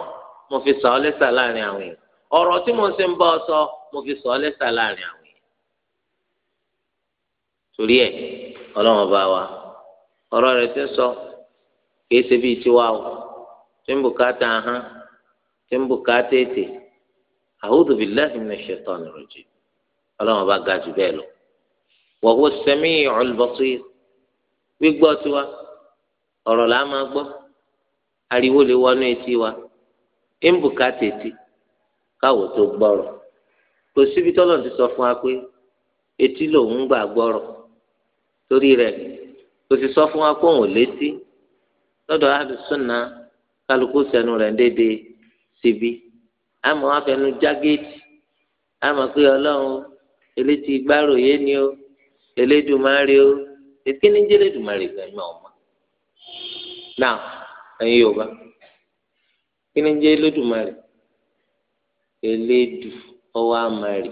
mo fi sọ ọ́ lẹ́sà láàrin àwọn èèyàn ọ̀rọ̀ tí mo ń ń bá ọ sọ mo fi sọ ọ́ lẹ́sà láàrin àwọn èèyàn torí ẹ̀ ọlọ́run bá wa ọ̀rọ̀ rẹ̀ ti sọ kìí ṣe bíi tiwa o tí ń bùkátà hàn tí ń bùkátà ètè a'udhu billahi minash shaitanir rajim ọlọ́run bá ga jù bẹ́ẹ̀ lọ. wa huwa as-sami'ul basir gbígbọ́ tiwa ọ̀rọ̀ là á máa gbọ́ ariwo lè wọnú etí wa ń bùkátà ètè káwọ tó gbọ́rọ̀ kò síbi tọ́lọ̀ ti sọ fún wa pé etí lòun gbà gbọ́rọ̀ torí rẹ̀ kò sì sọ fún wa pé òun ò létí. lọ́dọ̀ alùsùnà kálukú sẹ́nu rẹ̀ déédéé síbi àmọ́ afẹnu jágéètì àmọ́ pé ọlọ́run elétí gbáròyé ni ó elédùmarè ó èkéni jẹ́ elédùmarè gan ẹ̀yìn ọ̀ma náà ẹ̀yin yorùbá kíni jẹ́ elédùmarè elédù ọwọ́ àmàrè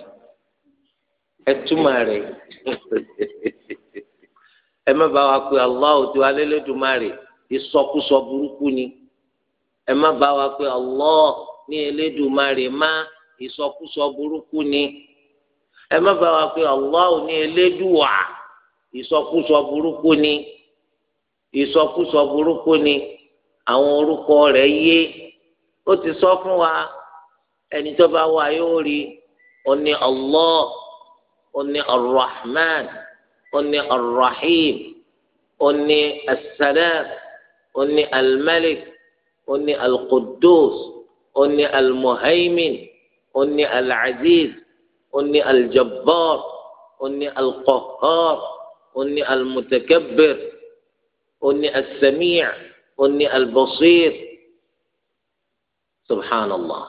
ẹtúmọ̀ ẹ má wa pé aláwo tí ìsọkúsọ burúkú ni ẹ má bá wa pé Allah ní Elédùmarè má ìsọkúsọ burúkú ni ẹ má bá wa pé Allah ní Elédùwà ìsọkúsọ burúkú ni ìsọkúsọ burúkú ni àwọn orúkọ rẹ yé ó ti sọ fún wa ẹni tó bá wà yóò rí ó Allah ó ní Ar-Rahman ó ní Ar-Rahim ó ó ní almalik ó ní alqudus ó ní almuhaimin ó ní alaziz ó ní aljabbar ó ní alqahhar ó ní almutakabbir ó ní asamiya ó ní albasir subhanallah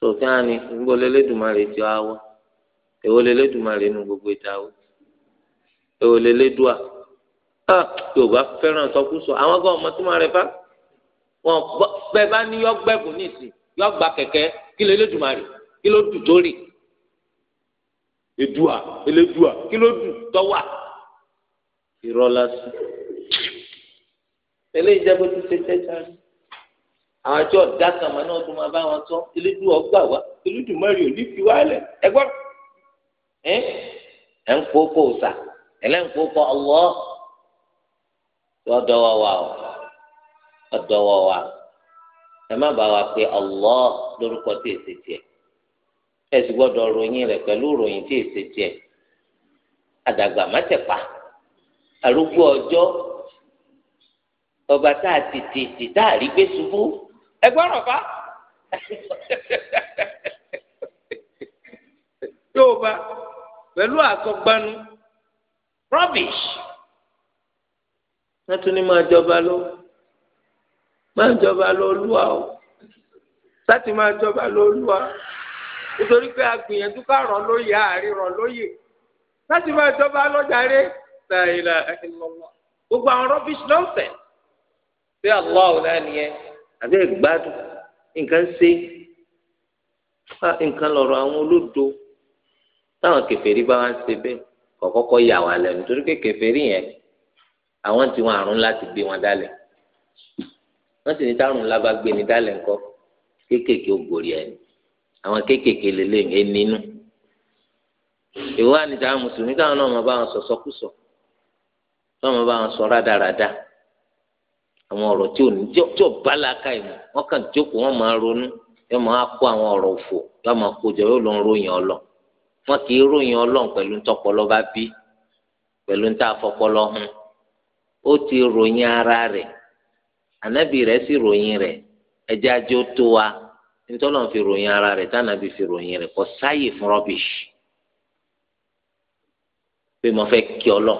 sọfún àní gbogbo lẹlẹdùnmarè ti wá wá nu gbogbo ìta wọ èwo Ah, yorùbá fẹ́ràn sọkúsọ àwọn gan ọmọ tó máa rẹ bá wọn bẹ́ẹ̀ bá ní yọgbẹ́gùn nìsín yọgbà kẹ̀kẹ́ kí ló lédùn máa rè kí ló dùn tó rè èdùà elédùà kí ló dùn tọ́wà irọ́ lásán eléyìí jẹ́ bó ti ṣe tẹ́jà rẹ̀ àwọn àjọ ọ̀dàkàmà náà tó máa bá wọn tọ́ elédùà ọgbà wá elédùn máa òní fi wá lẹ̀ ẹgbọ́n ẹ̀ ń kó kó sà ẹ̀ lẹ́ ń kó kó ọlọ́ọ̀. Ọdọwọwa wa o ọdọwọ wa ẹ má bàa wa pé Allah lórúkọ tí èsì tiẹ̀ ẹ sì gbọ́dọ̀ ròyìn rẹ̀ pẹ̀lú ròyìn tí èsì tiẹ̀ àdàgbà má tẹpa arúgbó ọjọ́ ọba tá a ti ti ti tá a rí gbé ṣubú ẹ gbọ́dọ̀ bá yóò bá pẹ̀lú rubbish. wọn tún ní máa jọba lọ máa jọba lọ olúwa o láti máa jọba lọ olúwa nítorí pé a gbìyànjú ká ràn lóye àárín ràn lóye láti máa jọba lọjà rẹ ṣàìlà ìlọlọ gbogbo àwọn rọbìṣì lọ́sẹ̀ bí Allah ò náà nìyẹn àbí ẹ̀gbádùn nǹkan ṣe nǹkan lọ̀rọ̀ àwọn olódo táwọn kèfèrí bá wá ń ṣe bẹ́ẹ̀ kọ̀kọ́kọ́ yà wá lẹ́nu torí pé kèfèrí yẹn àwọn tí wọn àrùn ńlá ti gbé wọn dálẹ̀ wọn sì ní tárùn ńlá bá gbé ni dálẹ̀ ńkọ́ kéékèèké ó gòrí ẹni àwọn kéékèèké lélẹyìn ẹni nínú ìwọ àníjà mùsùlùmí táwọn náà máa bá wọn sọsọ kùsọ táwọn máa bá wọn sọ rádaràda àwọn ọ̀rọ̀ tí ò ní tí ò bá làákà ìmọ̀ wọn kàn jókòó wọn máa ronú yóò máa kó àwọn ọ̀rọ̀ òfò yóò máa kó yóò lọ ròyìn ọlọ wọn kì í ròyìn Ọlọ́run pẹ̀lú ntọpọlọ bá bí pẹ̀lú ntàfọpọlọ hùn. ó ti ròyìn ara rẹ̀ ànábì rẹ̀ sì ròyìn rẹ̀ ajé ó wa nítorí wọn fi ròyìn ara rẹ̀ tànàbì fi ròyìn rẹ̀ kò sáàyè fún rubbish pé mo fẹ́ kí ọlọ́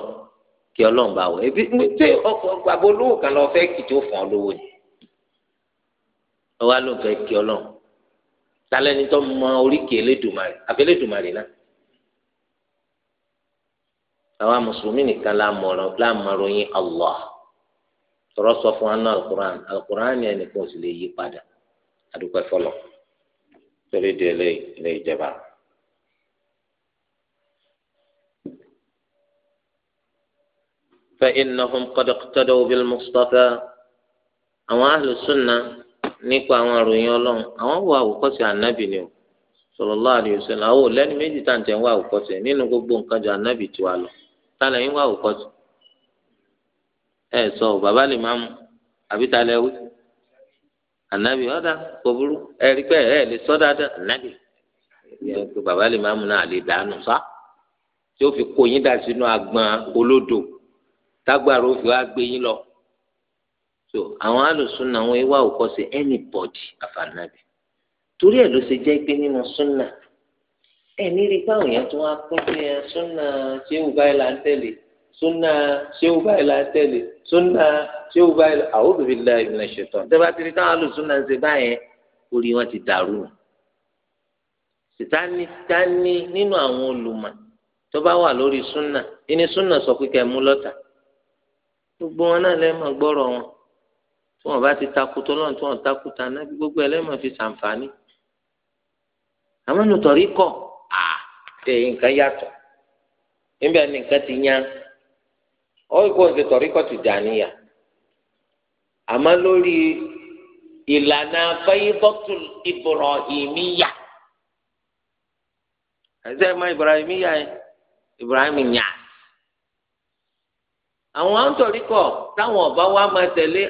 kí wọ ebi ṣé ọkọ̀ gbàgbọ́ olówó kan lọ fẹ́ kì tó ni ọwọ́ fẹ́ kí àwa mùsùlùmí nìkan la mọ̀ròyìn allah tọrọ sọ fún anú alukur'an alukur'an yẹn nìkan ò sì lè yí padà adúpẹ́ fọlọ́ torí di ilé ìjọba. فإنهم قد اقتدوا بالمصطفى àwọn ahlùsùnà nípa àwọn àròyìn ọlọ́run àwọn wo àwòkọ́ṣe ànábì ni o sallallahu alaihi wasallam àwọn ò lẹ́nu méjì tàǹtẹ̀ ń wá àwòkọ́ṣe tálẹ̀ yín wá òkọ́ sí ẹ sọ ò bàbá lè máa mú àbí tálẹ̀ wí ànábì ọ̀dà kòburú ẹ rí pé ẹ lè sọ dáadáa ànábì bàbá lè máa mú náà lè dànù sá tí ó fi kó yín dà sínú agbọn olódò tágbàrá ó fi wá gbé yín lọ so àwọn alùsùnà wọn wá òkọ́ sí anybody àfànàbì torí ẹ ló ṣe jẹ́ pé nínú súnà ẹni rí pé àwọn èèyàn tó wá pín pé ẹ súnà ṣéwù báyìí là ń tẹ̀lé súnà ṣéwù báyìí là ń tẹ̀lé súnà ṣéwù báyìí là a'udhu billahi minash shaitan. tẹ́ bá ti rí káwọn alùsúnà ṣe báyẹn orí wọn ti dàrú nù. sìtáni sìtáni nínú àwọn olùmọ̀ tó bá wà lórí súnà ìní súnà sọ pé kẹ́ mú gbogbo wọn náà lẹ́ẹ̀mọ̀ gbọ́rọ̀ wọn tí wọn bá ti takutọ́ lọ́n tí wọn takuta náà gbogbo ẹ̀ fi ṣàǹfààní tẹ nǹkan yàtọ̀ níbẹ̀ ni nǹkan ti yá ọ̀gbọ́n ti tọ̀rí kọ́tù dàníyà àmọ́ lórí ìlànà fẹ́yìntọ́tù Ibrahimiyya ẹ̀sẹ̀ mọ́ Ibrahimiyya Ibrahim nyà àwọn àǹtọ̀ríkọ̀ táwọn ọba wa máa tẹ̀lé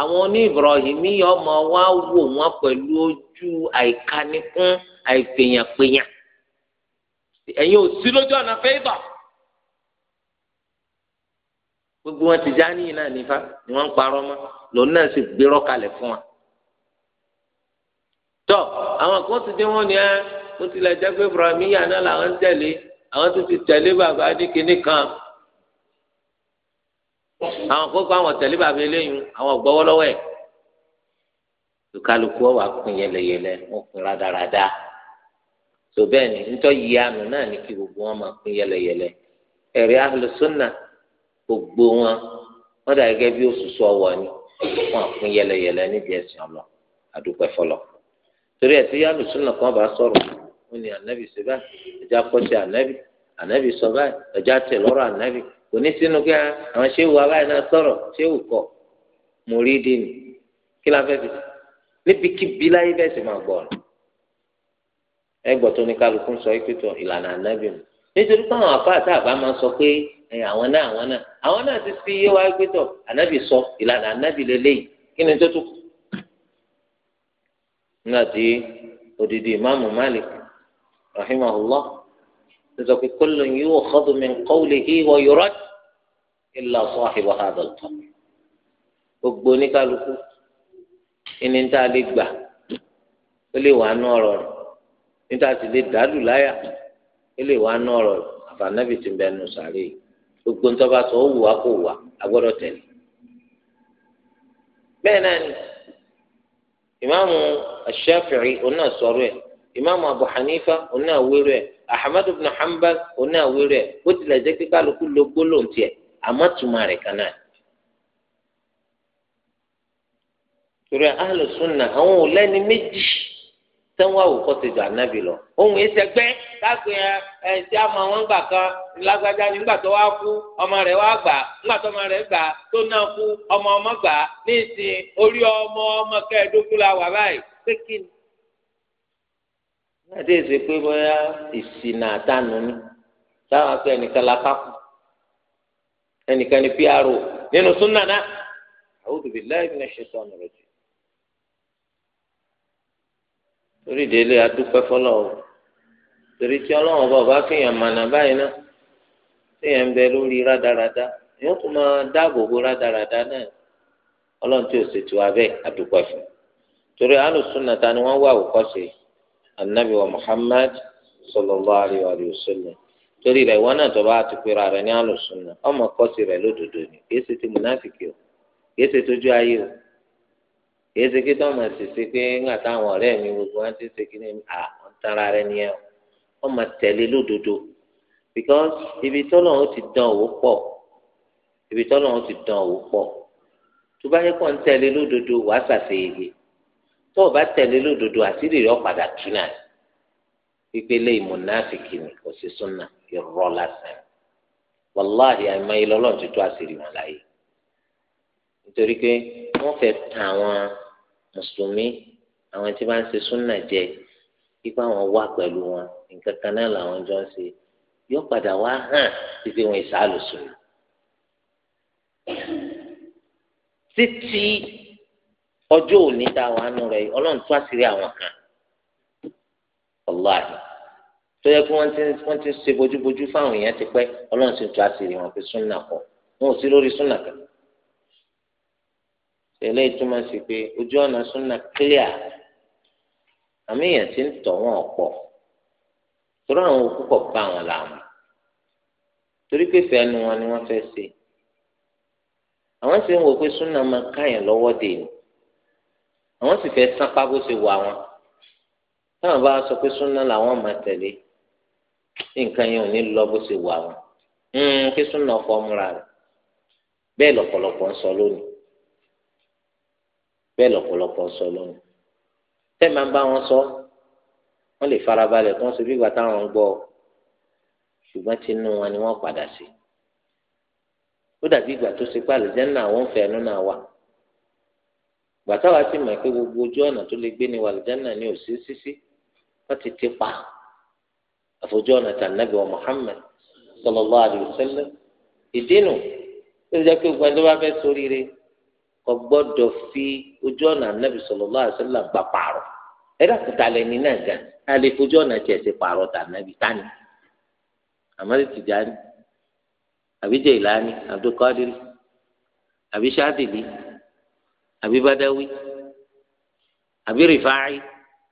àwọn oní Ibrahimi ọmọ wa wò wọn pẹ̀lú ojú àìkánikún àìfèyànpèyàn ẹ̀yin ò sí lójú ọ̀nà fẹ́ẹ́tọ̀ gbogbo wọn ti já níyìn náà nífa ni wọn ń parọ́ mọ́ lòun náà sì gbérọ́ kalẹ̀ fún wa tọ àwọn kan ti dé wọn ni ẹ bó tilẹ̀ jẹ́ pé Ibrahimi yà náà làwọn ń tẹ̀lé àwọn tó ti tẹ̀lé bàbá adékiní kan àwọn kókó àwọn tẹ̀lé bàbá eléyìí àwọn gbọ́wọ́ lọ́wọ́ ẹ̀ kálukú ọ̀wà pín yẹlẹyẹlẹ wọn pín rádaràda tó bẹ́ẹ̀ ni nítorí náà ní kí gbogbo wọn máa yẹlẹyẹlẹ ẹ̀rí alùsùnà gbogbo wọn wọn dà bí òṣùṣù ni wọn yẹlẹyẹlẹ níbi ọlọ torí kò ní sínú pé àwọn ṣéwù abáyé náà ṣéwù kọ mo rí kí la fẹ́ fi níbikíbi láyé bẹ́ẹ̀ sì máa gbọ́ ẹgbọ́n sọ ìlànà ànábì mu nítorí máa sọ pé àwọn náà àwọn náà àwọn náà ti fi yé wa ànábì sọ ìlànà ànábì lélẹ́yìí kí ni tó tó kù nígbà tí Malik rahimahullah تزكي كل يؤخذ من قوله ويرد إلا صاحب هذا القبر gbogbo oníkálukú ẹni tá a lè gbà ó lè wà nú ọ̀rọ̀ rẹ̀ níta sì lè dàlù láyà ó lè wà nú ọ̀rọ̀ rẹ̀ àfànàbì ti ń bẹnu sàárè gbogbo nítorí bá sọ wù wá kó wà á gbọ́dọ̀ tẹ̀lé náà ni ìmáàmù Shafi'i òun náà sọ̀rọ̀ ìmáàmù Abu Hanifa òun náà wérò ahmed ibn hanbal oní àwérò ẹ̀ bó tilẹ̀ jẹ́ pé kálukú ló gbólóhùn tiẹ̀ àmọ́ tuma rẹ̀ kan náà. torí ahlus àwọn ò lẹ́ni méjì sẹ́wọ́n ohun èsì ẹgbẹ́ káàkiri ẹ ẹ tí a kan lágbájá nígbà tó wá kú ọmọ rẹ̀ wá gbà nígbà tó ọmọ rẹ̀ gbà tó náà kú ọmọ ọmọ gbà láti èsè pé bóyá ìsìnà àtànù ni táwọn akọ ẹnìkan la ẹnìkan ni pro nínú súnà náà a'udhu billahi minash shaitani rajim torí ìdílé adúpẹ́ fọlọ́ o torí tí ọlọ́run bá ọba fìyàn mànà báyìí náà fìyàn ń bẹ lórí rádaràda yóò tún máa dáàbò bo rádaràda náà ọlọ́run tí ò ṣètò abẹ́ fún torí àlùsùn nàta ni wọ́n wà òkọ́ṣe anabi wa muhammad sallallahu alayhi wa sallam torí rẹ̀ ìwọ náà tọba àti pera rẹ̀ ní alùsùnà ọmọ kọsí rẹ̀ lódodo ni kìí ṣe ti múnáfìkì o kìí ṣe tójú ayé o kìí ṣe kí tọ́mọ̀ sì ṣe pé ńgbà táwọn ọ̀rẹ́ mi gbogbo wọn ti ṣe kí ni à ń tara rẹ̀ nìyẹn o ọmọ tẹ̀lé lódodo because ibi tọ́lọ̀ ó ti dán owó pọ̀ ibi tọ́lọ̀ ó ti dán owó pọ̀ tó bá yẹ kó ń tẹ̀lé lódodo wàá ṣàṣeyege tó o bá tẹ̀lé lódodo àṣírí rẹ̀ ọ̀padà tú náà pípé lé ìmùnáfìkì ni kò sí súnà irọ́ lásán wàláhì àìmọye lọ́lọ́run ti tú àṣírí wọn láàyè nítorí pé wọ́n fẹ́ ta àwọn mùsùlùmí àwọn tí wọ́n ń ṣe súnà jẹ ipa wọn wà pẹ̀lú wọn nǹkan kan náà làwọn jọ ń ṣe yóò padà wá hàn títí wọn ìsàlùsùn títí. ọjọ́ òní tá a nù àwọn kan ọláì tó yẹ kí wọ́n ti wọ́n ti ṣe fáwọn èèyàn ti wọn fi súnà pọ̀ wọn ò sí lórí súnà kan tẹ̀lé ìtumọ̀ sí pé ojú ọ̀nà súnà clear àmì èèyàn ti ń tọ̀ àwọn òkú pọ̀ bá wọn làwọn torí pé fẹ́ẹ́ nu wọn ni wọ́n fẹ́ ṣe àwọn ń wò pé súnà máa káyàn àwọn sì fẹ́ sápá bó ṣe wà wọn táwọn bá sọ pé súnà làwọn máa tẹ̀lé nǹkan yẹn ò ní lọ bó ṣe wà wọn hmm, kí súnà ọkọ múra rẹ̀ bẹ́ẹ̀ lọ́pọ̀lọpọ̀ ń sọ lónìí bẹ́ẹ̀ lọ́pọ̀lọpọ̀ ń sọ lónìí tẹ́ máa ń bá wọn sọ wọ́n lè farabalẹ̀ kí wọ́n ṣe bí ìgbà táwọn ń gbọ́ ṣùgbọ́n tinú wọn ni wọ́n padà sí ó dàbí ìgbà tó ṣe pé àlùjẹ́ náà wọ́n fẹ́ẹ́ nú náà wà gbàtà wa ti mọ̀ pé gbogbo ojú ọ̀nà tó lè gbé ni wàlìjánà ni òsì sísí wọ́n ti ti pa àfojú ọ̀nà tànàbí wa Muhammad sallallahu alaihi wasallam ìdínú tó jẹ́ pé gbogbo ẹni tó bá fẹ́ ṣoríire kò gbọ́dọ̀ fi ojú ọ̀nà ànábì sallallahu alaihi wasallam gbà pààrọ̀ ẹ̀dá kúta lẹ ní náà gan a lè fojú ọ̀nà tiẹ̀ ti pààrọ̀ tànàbí tani Amadu Tijani àbí Jilani Abdul Qadir àbí bàdáwí àbí rìfáì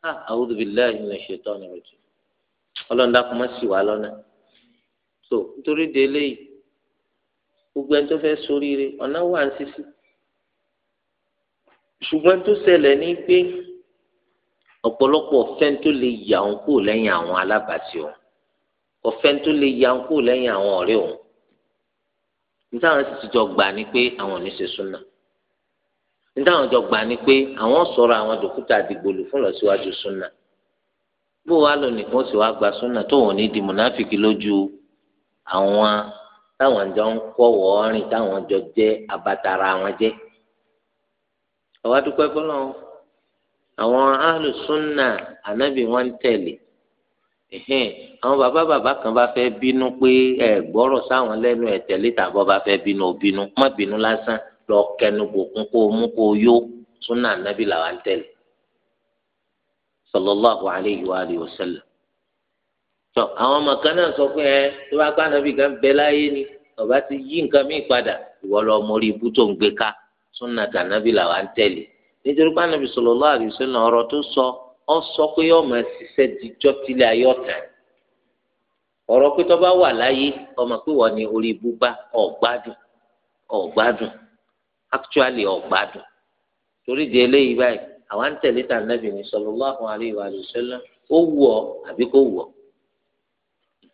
ha a'udhu billahi minash shaitani rajim ọlọ́run dákun má ṣì wá lọ́nà so nítorí délé yìí gbogbo ẹni tó fẹ́ ṣoríire ọ̀nà wà ń sisi ṣùgbọ́n tó ṣẹlẹ̀ ní pé ọ̀pọ̀lọpọ̀ ọ̀fẹ́ tó lè yà òun kú lẹ́yìn àwọn alábàásí òun ọ̀fẹ́ tó lè yà òun kú lẹ́yìn àwọn ọ̀rẹ́ òun nítawọn sì ti jọ gbà ní pé àwọn ò ní ṣe súnà nítawọn jọ gbà ní pé àwọn sọ̀rọ̀ àwọn dòkítà àdìgbòlù fún lọsíwájú súnà bó wàá lò nìkan sì wàá gba súnà tó wọn ní di mùnáfìkì lójú àwọn táwọn jọ ń kọwọ ọrìn táwọn jọ jẹ abatara wọn jẹ àwa dúpẹ́ fọlọ àwọn ahlu súnà ànábì wọn ń tẹ̀lé àwọn bàbá bàbá kan bá fẹ́ bínú pé ẹ gbọ́rọ̀ sáwọn lẹ́nu ẹ tẹ̀lé tàbọ bá fẹ́ bínú bínú má bínú lásán. lọ kẹnu gbòkun kó o mú kó o yó súnà nábì làwa ń tẹ̀lé sallallahu wa wa àwọn ọmọ kan náà sọ pé ẹ kan bẹ ọba ti yí nǹkan mi padà ìwọ lọ mọrí ibú tó ń gbé ká súnà tànábì làwa ń nítorí pé ànábì sọ ọ sọ pé yóò máa ṣiṣẹ́ ayé ọ̀tàn ọ̀rọ̀ pé ọmọ pé wọ́n ní orí actually ọ̀gbádùn torí di eléyìí báyìí àwọn ń tẹ̀lé tà nàbì ní ó wù ọ́ àbí kò wù ọ́.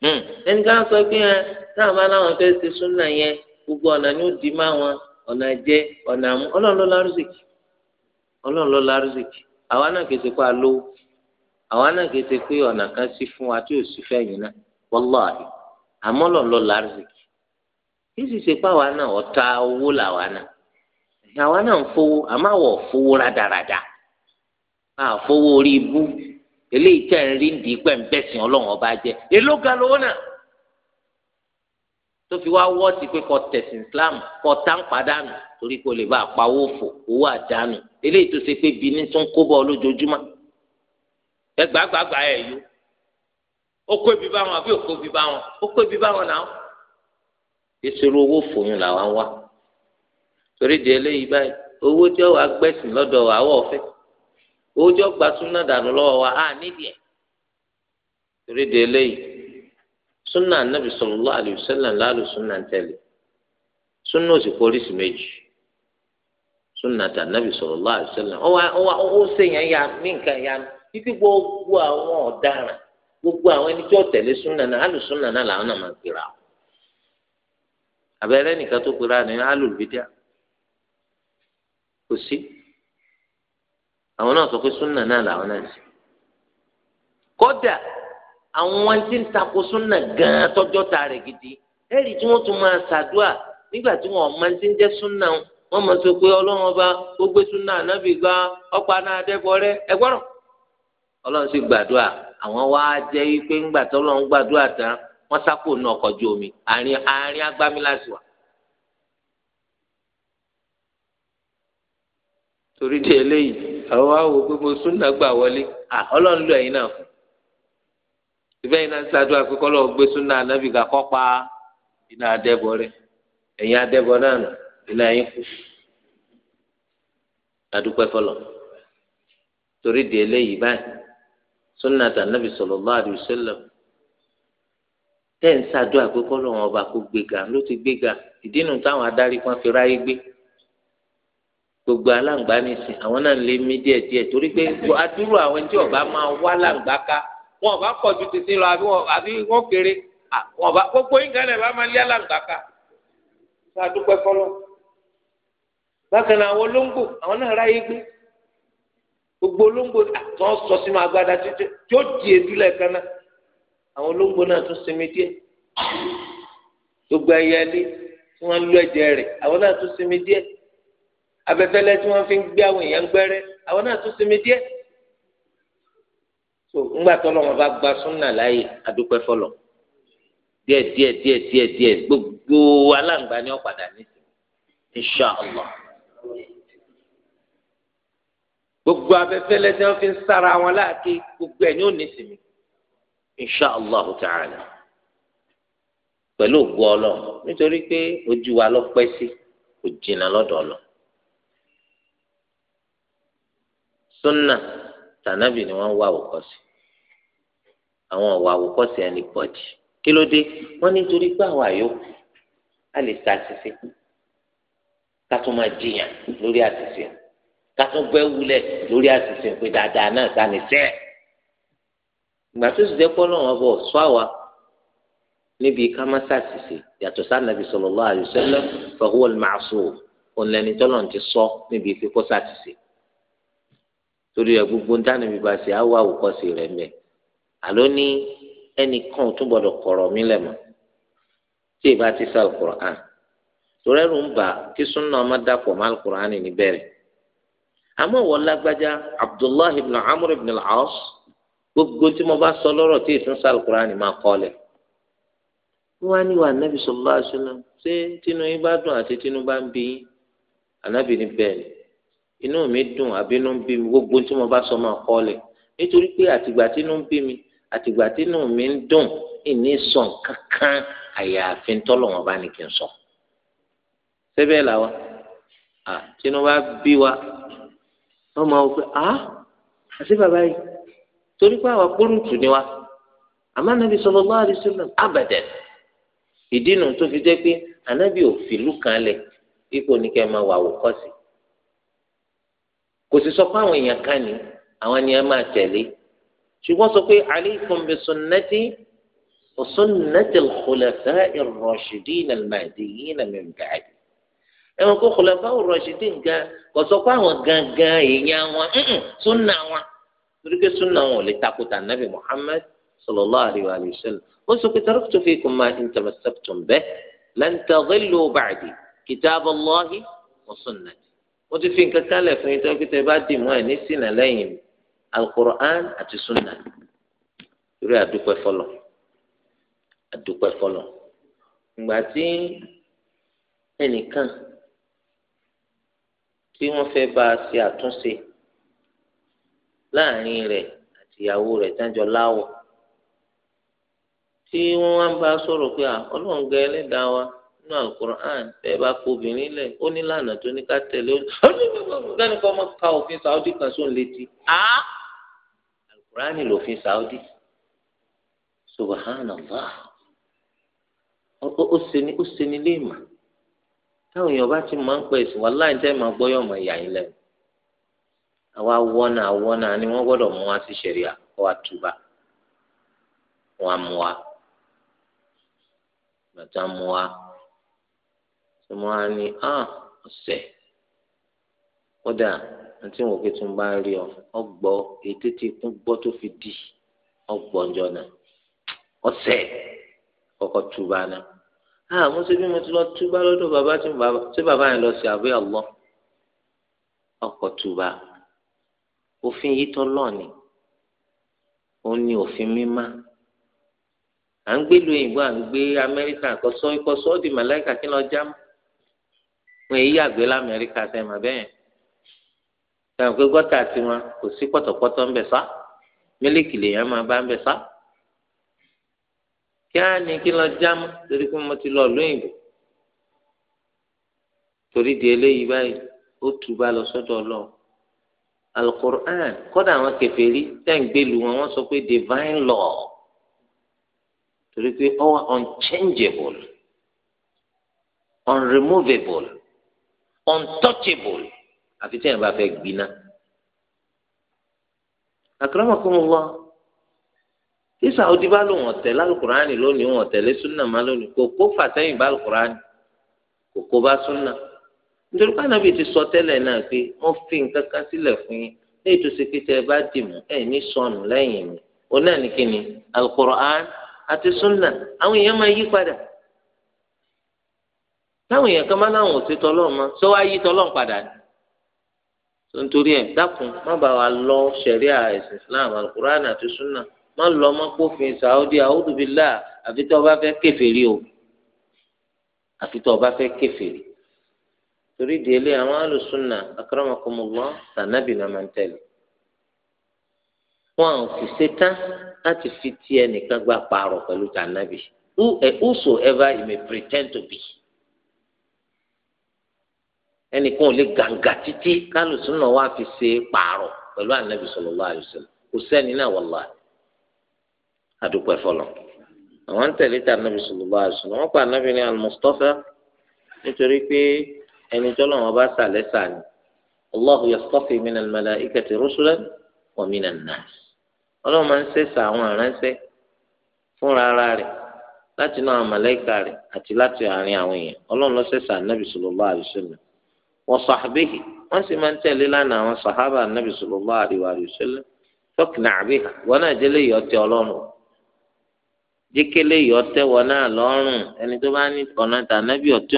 Hmm. ẹnì kan sọ pé ẹ láwọn yẹn gbogbo ọ̀nà ni ó di wọn ọ̀nà jẹ ọ̀nà mú àwa náà kì í lówó àwa náà kì í pé sí fún wa tí ò àwa náà ń fowó àmọ́ àwọ̀ fowó rádaràda àfowó orí ibú eléyìí tẹ̀ ń rí ndí pẹ̀ ń bẹ̀sìn ọlọ́run ọba jẹ́ èló ga lówó náà tó fi wá wọ́ sí pé kọ tẹ̀sìn Islam kọ táǹpà dànù torí kò lè bá àpawó fò owó àdánù eléyìí tó ṣe pé Benin tún kó bọ́ lójoojúmọ́ ẹgbàgbàgbà ẹ̀ yó ó kó ibi bá wọn àbí ó ibi bá wọn ó kó ibi bá wọn náà ìṣòro owó fòyún làwọn wá torí di eléyìí báyìí owó tí wàá gbẹ̀sìn lọ́dọ̀ wa owó tí gba súnà dànù lọ́wọ́ wa á nídìí ẹ̀ torí di eléyìí súnà nàbì sallallahu alaihi lálù súnà ń súnà òsì pólísì méjì súnà tà nàbì ya ní nǹkan ya títí gbogbo àwọn ọ̀daràn gbogbo àwọn ẹni tí ó súnà náà náà làwọn náà kò sí àwọn náà sọ pé súnà náà làwọn náà sí kódà àwọn tí ń takò súnà gan tọjọ ta rẹ gidi ẹ̀rí tí wọ́n tún máa ṣàdúà nígbà tí wọ́n máa ti ń jẹ́ súnà wọ́n máa sọ pé ọlọ́run ọba ó gbé súnà ànábì gba ọ̀pá náà dẹ́gbọ́ rẹ ẹgbọ́rọ̀ ọlọ́run sì gbàdúà àwọn wá jẹ́ pé ńgbà tọ́lọ́run gbàdúà tán wọ́n sápò ní ọkọ̀ ju omi àárín àárín agbámilásíwá torí di eléyìí àwọn wa wò pé mo a gbà wọlé à ọlọ́run lù ẹ̀yin náà fún ìfẹ́ náà ń ṣàdúrà pé kọ́lọ́ gbé súnà ànábì ká kọ́ pa iná adẹ́bọ rẹ ẹ̀yin adẹ́bọ náà iná kú adúpẹ́ fọlọ́ torí di eléyìí báyìí tẹ́ ń ọba gbogbo aláǹgbá nìsín àwọn náà lè mí díẹ̀ díẹ̀ torí pé adúrú àwọn tí ọba máa wá láǹgbá ká wọn ọba pọ̀ ju títí lọ àbí wọn kéré wọn ọba gbogbo nǹkan lè bá máa lé aláǹgbá ká ṣáà dúpẹ́ fọlọ́ bákan náà àwọn olóńgbò àwọn náà ráyé gbé gbogbo olóńgbò àtọ́ sọ sínú agbada títí tí ó di èdú lẹ́ẹ̀kan náà àwọn olóńgbò náà tún sinmi díẹ̀ gbogbo ẹyẹ ilé tí wọ́n lú ẹ̀jẹ̀ rẹ̀ àwọn náà tún sinmi díẹ̀ abẹfẹlẹ tí wọn fi ń gbé àwọn èèyàn gbẹrẹ àwọn náà tún sinmi díẹ̀ so ńgbà tọ́lọ́ wọn bá gba súnà láàyè adúpẹ́ fọlọ́ díẹ̀ díẹ̀ díẹ̀ díẹ̀ díẹ̀ gbogbo aláǹgbá ni wọ́n padà ní insha allah gbogbo abẹfẹlẹ tí wọn fi ń sára wọn láàkì gbogbo ẹ̀ ní ò sinmi insha allah ta'ala pẹ̀lú ògbó ọlọ́run nítorí pé ojú wa lọ pẹ́ sí kò jìnnà lọ́dọ̀ sunna tànàbì ni wọ́n wá àwòkọ́sí àwọn ọ̀wà àwòkọ́sí ẹni pọ̀jì kí ló dé wọ́n nítorí pé àwọn àyòkù á lè sa àṣìṣe ká tún máa jiyàn lórí àṣìṣe ká tún gbẹ́ wulẹ̀ lórí àṣìṣe pé dáadáa náà ta ni sẹ́ẹ̀ ìgbà tó sì jẹ́ pọ́nlọ́ wọn bọ̀ sọ àwa níbi ká má ṣàṣìṣe yàtọ̀ sànàbì sallallahu alaihi wasallam fa huwa al-ma'sum òun lẹni tọ́lọ̀ ti sọ níbi pípọ́ ṣàṣìṣe. torí ẹ gbogbo ń dáná mi bá ṣe á wá àwòkọ́sí rẹ̀ ń bẹ̀ àló ní ẹnìkan tún mí tí ì bá ti sá alukur'an torí ẹrù ń bà kí súnà ọmọ dàpọ̀ mọ́ alukur'an ní bẹ̀rẹ̀ àmọ́ abdullahi ibn amr ibn al-aas gbogbo tí mo bá sọ lọ́rọ̀ tí ìtún máa kọ́ lẹ̀ wa ṣé tinubu bá dùn àti ní inú mi dùn àbínú ń bí mi gbogbo tí mo bá sọ máa kọ́ lẹ̀ nítorí pé àtìgbà tí inú bí mi àtìgbà tí inú mi ń dùn ìní sọ kankan àyàfi ntọ́lọ́wọ́n bá ní kí n sọ. sẹ́bẹ̀ là wa tinú bá bí wa wọ́n máa wọ pé a àti bàbá yìí torí pé àwọn akpọ́rùntù ni wa àmọ́ anabi sallallahu alaihi wasallam abadan ìdí nu tó fi jẹ́ pé anabi ò fìlú kan lẹ̀ ipò ní kẹ́ ẹ máa wà wò kọ́ sí i kò sì sọ pé àwọn èèyàn kan ní àwọn ni ẹ máa tẹ̀lé ṣùgbọ́n sọ pé alaykum bi sunnati wa sunnati al-khulafa'i ar-rashidin al-mahdiyyin min ba'di ẹ̀wọ̀n kó khulafa'i ar-rashidin gan kò sọ pé àwọn gangan èèyàn wọn sunna wọn torí pé sunna wọn ò lè takùtà nabi Muhammad sallallahu alayhi ó sọ pé taraktu fikum ma in tamassaktum bihi lan tadillu ba'di kitab Allahi wa sunnati mo ti fi nǹkan kálẹ̀ fún yín tó kí tẹ bá dì mọ́ ẹ̀ ní sínà lẹ́yìn mi alukur'an àti sunna torí àdúpẹ́ fọlọ́ àdúpẹ́ fọlọ́ ìgbà tí ẹnìkan tí wọ́n fẹ́ bá a ṣe àtúnṣe láàrin rẹ̀ àti ìyàwó rẹ̀ tájọ láwọ̀ tí wọ́n wá ń bá a sọ̀rọ̀ pé ọlọ́run gẹ ẹlẹ́dàá wa nínú alukur'an bẹ́ẹ̀ bá kó obìnrin lẹ̀ ó ní lànà tó ní ká tẹ̀lé ó ní bẹ́ẹ̀ni kọ́ ọmọ ká òfin Saudi kan sóun létí á alukur'an ni lòfin Saudi subhanallah ó seni ó seni léèmà táwọn èèyàn bá ti máa ń pẹ́ ìsìn wàhálà ìtẹ́ máa gbọ́ yọ̀mọ̀ ìyá yín lẹ́nu àwa wọ́nà àwọ́nà ni wọ́n gbọ́dọ̀ mú wa sí ṣẹ̀ríà kó wa túbà wọ́n á mú wa bàtà mú wa tí mo á ní hàn ah, ọ̀sẹ̀ kódà àti wọn kí tí mo bá rí ọ ọgbọ ètè tí kún gbọ́ tó fi di ọgbọ ọjọ́ náà ọ̀sẹ̀ kọ́kọ́ túbà náà ah mo ṣe bí mo ti lọ túbà lọ́dọ̀ bàbá tí bàbá yẹn lọ sí àbí ọlọ ọkọ túbà òfin yìí tọ́ lọ́ọ̀ni ó ní òfin mímá à ń gbé lu òyìnbó à ń gbé amẹ́ríkà kọ́sọ́ ikọ́sọ́ ó màláìkà kí lọ́ọ́ já mọ́ wọn èyí àgbẹ̀ lamẹ́ríkà sẹ́mà bẹ́ẹ̀ sẹ́mà pé gọ́tà tiwọn kò sí pọ̀tọ̀pọ̀tọ̀ ń bẹ̀ sá mílíkì lèèyàn máa bá ń bẹ̀ sá kí á ní kí lọ jámú torí pé mo ti lọ lóyìnbó torí di eléyìí báyìí ó túbà lọ sọ́dọ̀ Ọlọ́run alukur'an kódà àwọn kèfèrí tẹ̀gbẹ́lu wọn wọ́n sọ pé divine law torí pé ó unchangeable unremovable untouchable àfi tí yẹn bá fẹ́ gbiná. akramakumullah tí Saudi bá lò wọ́n tẹ̀lé alukurani lónìí wọ́n lé sunna má lónìí kò kó fàtẹ́yìn bá alukurani kò bá sunna nítorí pé ti sọ tẹ́lẹ̀ náà pé wọ́n fi nǹkan fún yín ní ìtòsí bá dì mú ní sọnù mi onáà ní kíni àti àwọn èèyàn máa yí táwọn èèyàn kan máa láwọn ò ṣe tọlọ́run mọ́ sọ wá yí tọlọ́run padà ni tó ń torí ẹ̀ dákun má bàa wà lọ ṣẹ̀ríà ẹ̀sìn Islam alukur'an àti sunna má lọ mọ́ pófin Saudi ahudubila àfi tó o bá fẹ́ kèfèrí o àfi tó o bá fẹ́ kèfèrí torí délé àwọn alùsùnà akọrọmọkọmọgbọ sànàbì náà máa ń tẹ̀lé wọn ò sì ṣetán láti fi ti ẹnìkan gba pààrọ̀ pẹ̀lú sànàbì who eh, whosoever he may pretend to be ẹnìkan ò lè gàǹgà títí kálùsùn náà wá fi ṣe pààrọ̀ pẹ̀lú ànábì sallallahu alaihi wasallam kò sẹ́ni náà wallahi àdúpẹ́ fọlọ́ àwọn ń tẹ̀lé tà ànábì sallallahu alaihi wasallam wọ́n pa ànábì ní al nítorí pé ẹni tọ́lọ́ wọn bá sàlẹ̀ sàní Allahu yastafi minal malaikati rusulan wa minan nas ọlọ́run máa ń sẹ́sà àwọn aránṣẹ́ fúnra ara rẹ̀ láti náà àwọn màláíkà àti láti àárín àwọn èèyàn ọlọ́run ló wa sahbihi wọ́n sì máa ń tẹ̀lé lánàá àwọn sàhábà anábì sallallahu alaihi wa sallam faqna' biha wọn náà jẹ́lé yìí ọtẹ ọlọ́run jẹ́kẹ́lé wọn náà lọ́rùn ẹni tó bá ní ọ̀nà tà anábì ọtẹ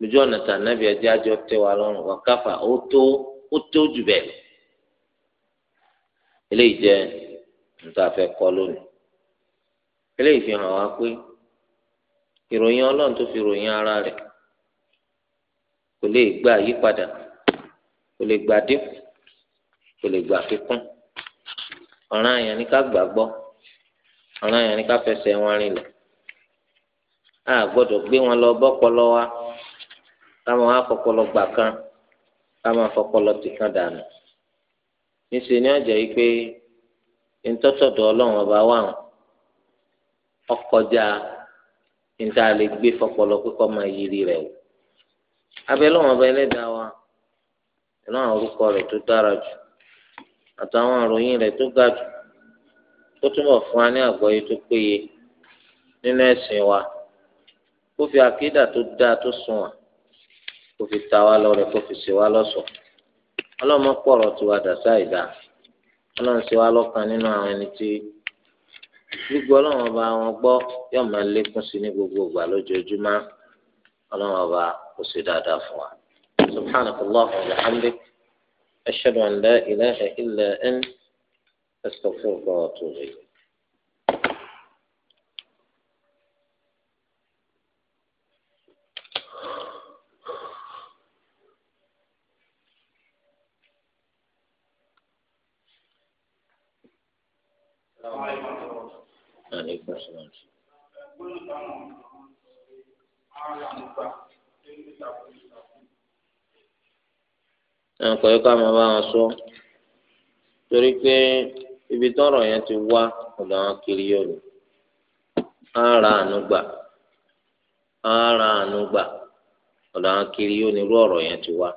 lójú ọ̀nà tà nàbì ẹjẹ́ àjọ tẹ wà lọ́rùn wà káfà ó tó ó tó jù bẹ́ẹ̀ lọ. eléyìí jẹ́ níta fẹ́ kọ́ lónìí. eléyìí fi hàn wá pé ìròyìn ọlọ́run tó fi ròyìn ara rẹ̀ kò lè gba àyípadà kò lè gba dínkù kò lè gba kíkún ọ̀ràn àyàn ni ká gbàgbọ́ ọ̀ràn àyàn ni ká fẹsẹ̀ wọn rinlẹ̀ a gbọ́dọ̀ gbé wọn lọ bọ́pọlọ wa. káwọn afọpọlọ gbà kan káwọn afọpọlọ tì kan dànù níṣẹ ni ọjà yìí pé ntọ́tọ̀dọ̀ ọlọ́run ọba wà hàn ọkọjá níta lè gbé fọpọlọ pé kọ́ o yiri rẹ̀ ọba ẹlẹ́dàá wa ẹ̀rọ orúkọ tó dára jù àtàwọn àròyìn rẹ tó ga jù kó fún wa ní tó péye nínú wa kó fi kó fi ta wá lọ rẹ kó fi ṣe wá lọ́ṣọ̀ọ́ ọlọ́mọ pọ̀rọ̀ tí wàá dàsá ìdá ọlọ́run ṣe wá lọ́kàn nínú àwọn ẹni tí gbígbọ́ ọlọ́run ọba wọn gbọ́ yóò máa lékún sí ní gbogbo ìgbà lójoojúmọ́ ọlọ́run ọba kò ṣe dáadáa fún wa. سبحانك اللهم وبحمدك أشهد أن لا إله إلا أنت أستغفرك وأتوب Aleykum salaam. ẹnìkan yìí ká máa bá wọn sọ torí pé ibi yẹn ti wá ọdọ àwọn kiri yóò ní ara àánú gbà ara àánú gbà àwọn kiri yóò ní irú yẹn ti wá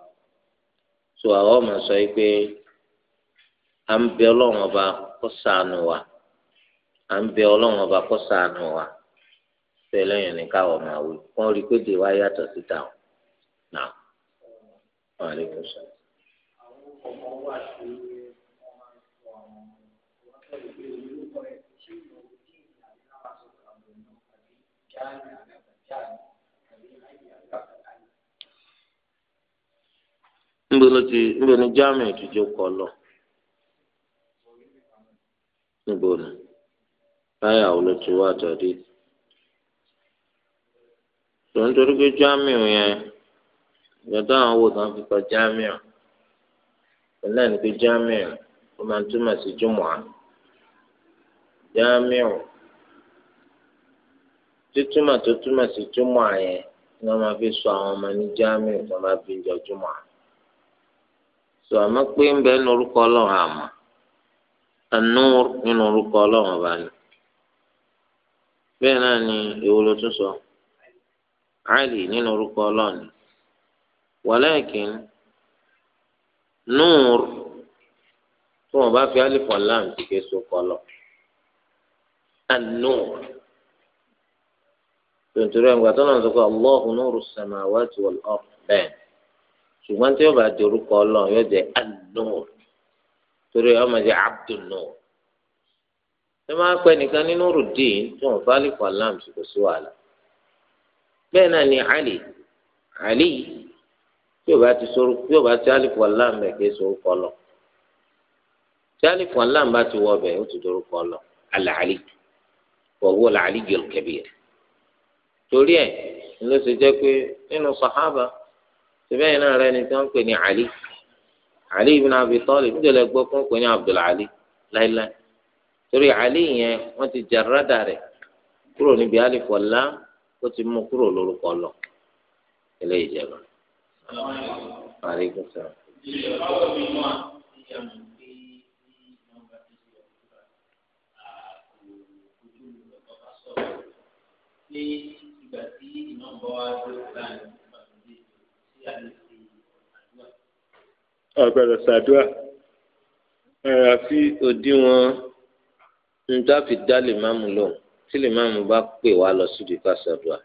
so àwọn ọmọ sọ yìí pé à ń bẹ ọba kó à ń bẹ ọlọ́run ọba kó ṣàánú wa bẹ́ẹ̀ lẹ́yìn ní káwọ́ máa wí wọ́n rí i pé dè wá yàtọ̀ síta o náà wọ́n lè kó sọ. níbo ló ti níbo ni germany ti jókòó lọ níbo ni. láyà wo ló ti wá àjọ̀dí. tó ń torí pé jámíù yẹn ìgbà táwọn wò tán fi kọ jámíù ìlànà ní pé jámíù ó máa túmọ̀ sí jùmọ̀á jámíù títúmọ̀ tó túmọ̀ sí jùmọ̀á yẹn ni wọ́n máa fi sọ àwọn sọ àmọ́ pé ń bẹ́ẹ̀ ní orúkọ ọlọ́run àmọ́ nínú orúkọ ọlọ́run bẹ́ẹ̀ náà ni èwo ló tún sọ ali nínú orúkọ ọlọ́ọ̀ni wàlẹ́kìn núùr tó wọn bá fi alif ọ̀làm ti ké so kọlọ anúùr tontoro ẹ̀ǹgbà tó náà sọ pé ọlọ́ọ̀hún núùrù sàmáwáàtì wọ̀l ọ̀f bẹ́ẹ̀ ṣùgbọ́n tí yóò bá di orúkọ ọlọ́ọ̀ yóò jẹ́ anúùr torí ọmọ abdul núùr. ṣé máa pẹ nìkan nínú rùdí tó ń fálì kọ aláàmù kò sí wàhálà náà ni ali ali tí yóò bá ti sọ̀rọ̀ tí yóò bá ti alifu aláàmù ẹ̀ kì í lọ tí alifu aláàmù bá ti wọ ọbẹ̀ ó ti dọ̀rọ̀ kọ lọ alàlí wọ̀wọ́ làlí jẹ̀lù kẹbìrì torí ẹ̀ ló ṣe jẹ́ pé nínú rẹ ni tí wọ́n pè ní ali ali ibn abi talib níjọ́ lẹ gbọ́ fún pé láíláí. torí àlè yẹn wọ́n ti jàrádà rẹ̀ kúrò níbi àlìfọ̀lá ó ti mú kúrò lórúkọ lọ ilé ìjẹba. ní ìgbà tí ìmọ̀ ń sàdúrà àyàfi òdiwọ̀n níta fi dá lèmáàmù lóhùn tí lèmáàmù bá pè wá lọ síbi kásádùá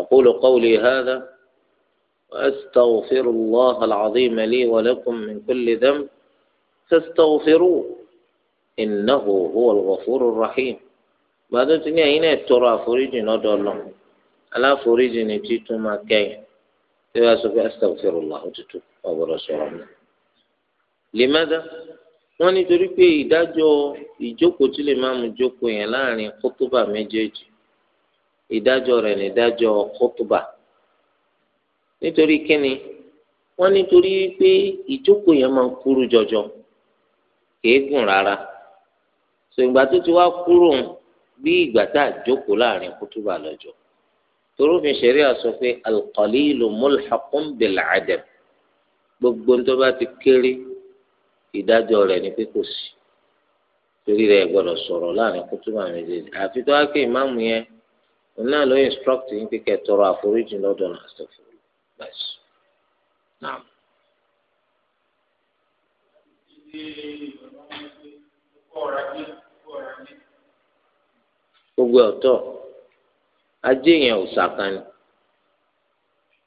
أقول قولي هذا وأستغفر الله العظيم لي ولكم من كل ذنب فاستغفروه إنه هو الغفور الرحيم بعد تنيا هنا ترى فريجي نودو الله ألا فريجي نتيتو ما كاين تبقى أستغفر الله وتتوب أبو رسول الله لماذا؟ wọ́n nítorí pé ìdájọ́ ìjókòó tí lè máa mú jókòó yẹn láàrin kótóbà méjèèjì ìdájọ́ rẹ̀ nídájọ́ kótóbà nítorí kíni wọ́n nítorí pé ìjókòó yẹn máa ń kúrú jọjọ kìí gùn rárá so ìgbà tó ti wá kúrò bí ìgbà tá a jókòó láàrin kótóbà lọ́jọ́ torúfin ṣẹ̀ríà sọ pé al-qalilu mulhaqun bil gbogbo ń tó bá ti kéré ìdájọ́ rẹ̀ ni pé kò sí torí rẹ̀ gbọ́dọ̀ sọ̀rọ̀ láàrin kútúbà méjèèjì àfi tó wá pé ìmáàmù yẹn òun náà ló instruct yín pé kẹ́ tọrọ àforíjì lọ́dọ̀ náà sọfún báyìí náà. gbogbo ọ̀tọ̀ ajé yẹn òòṣà kan ni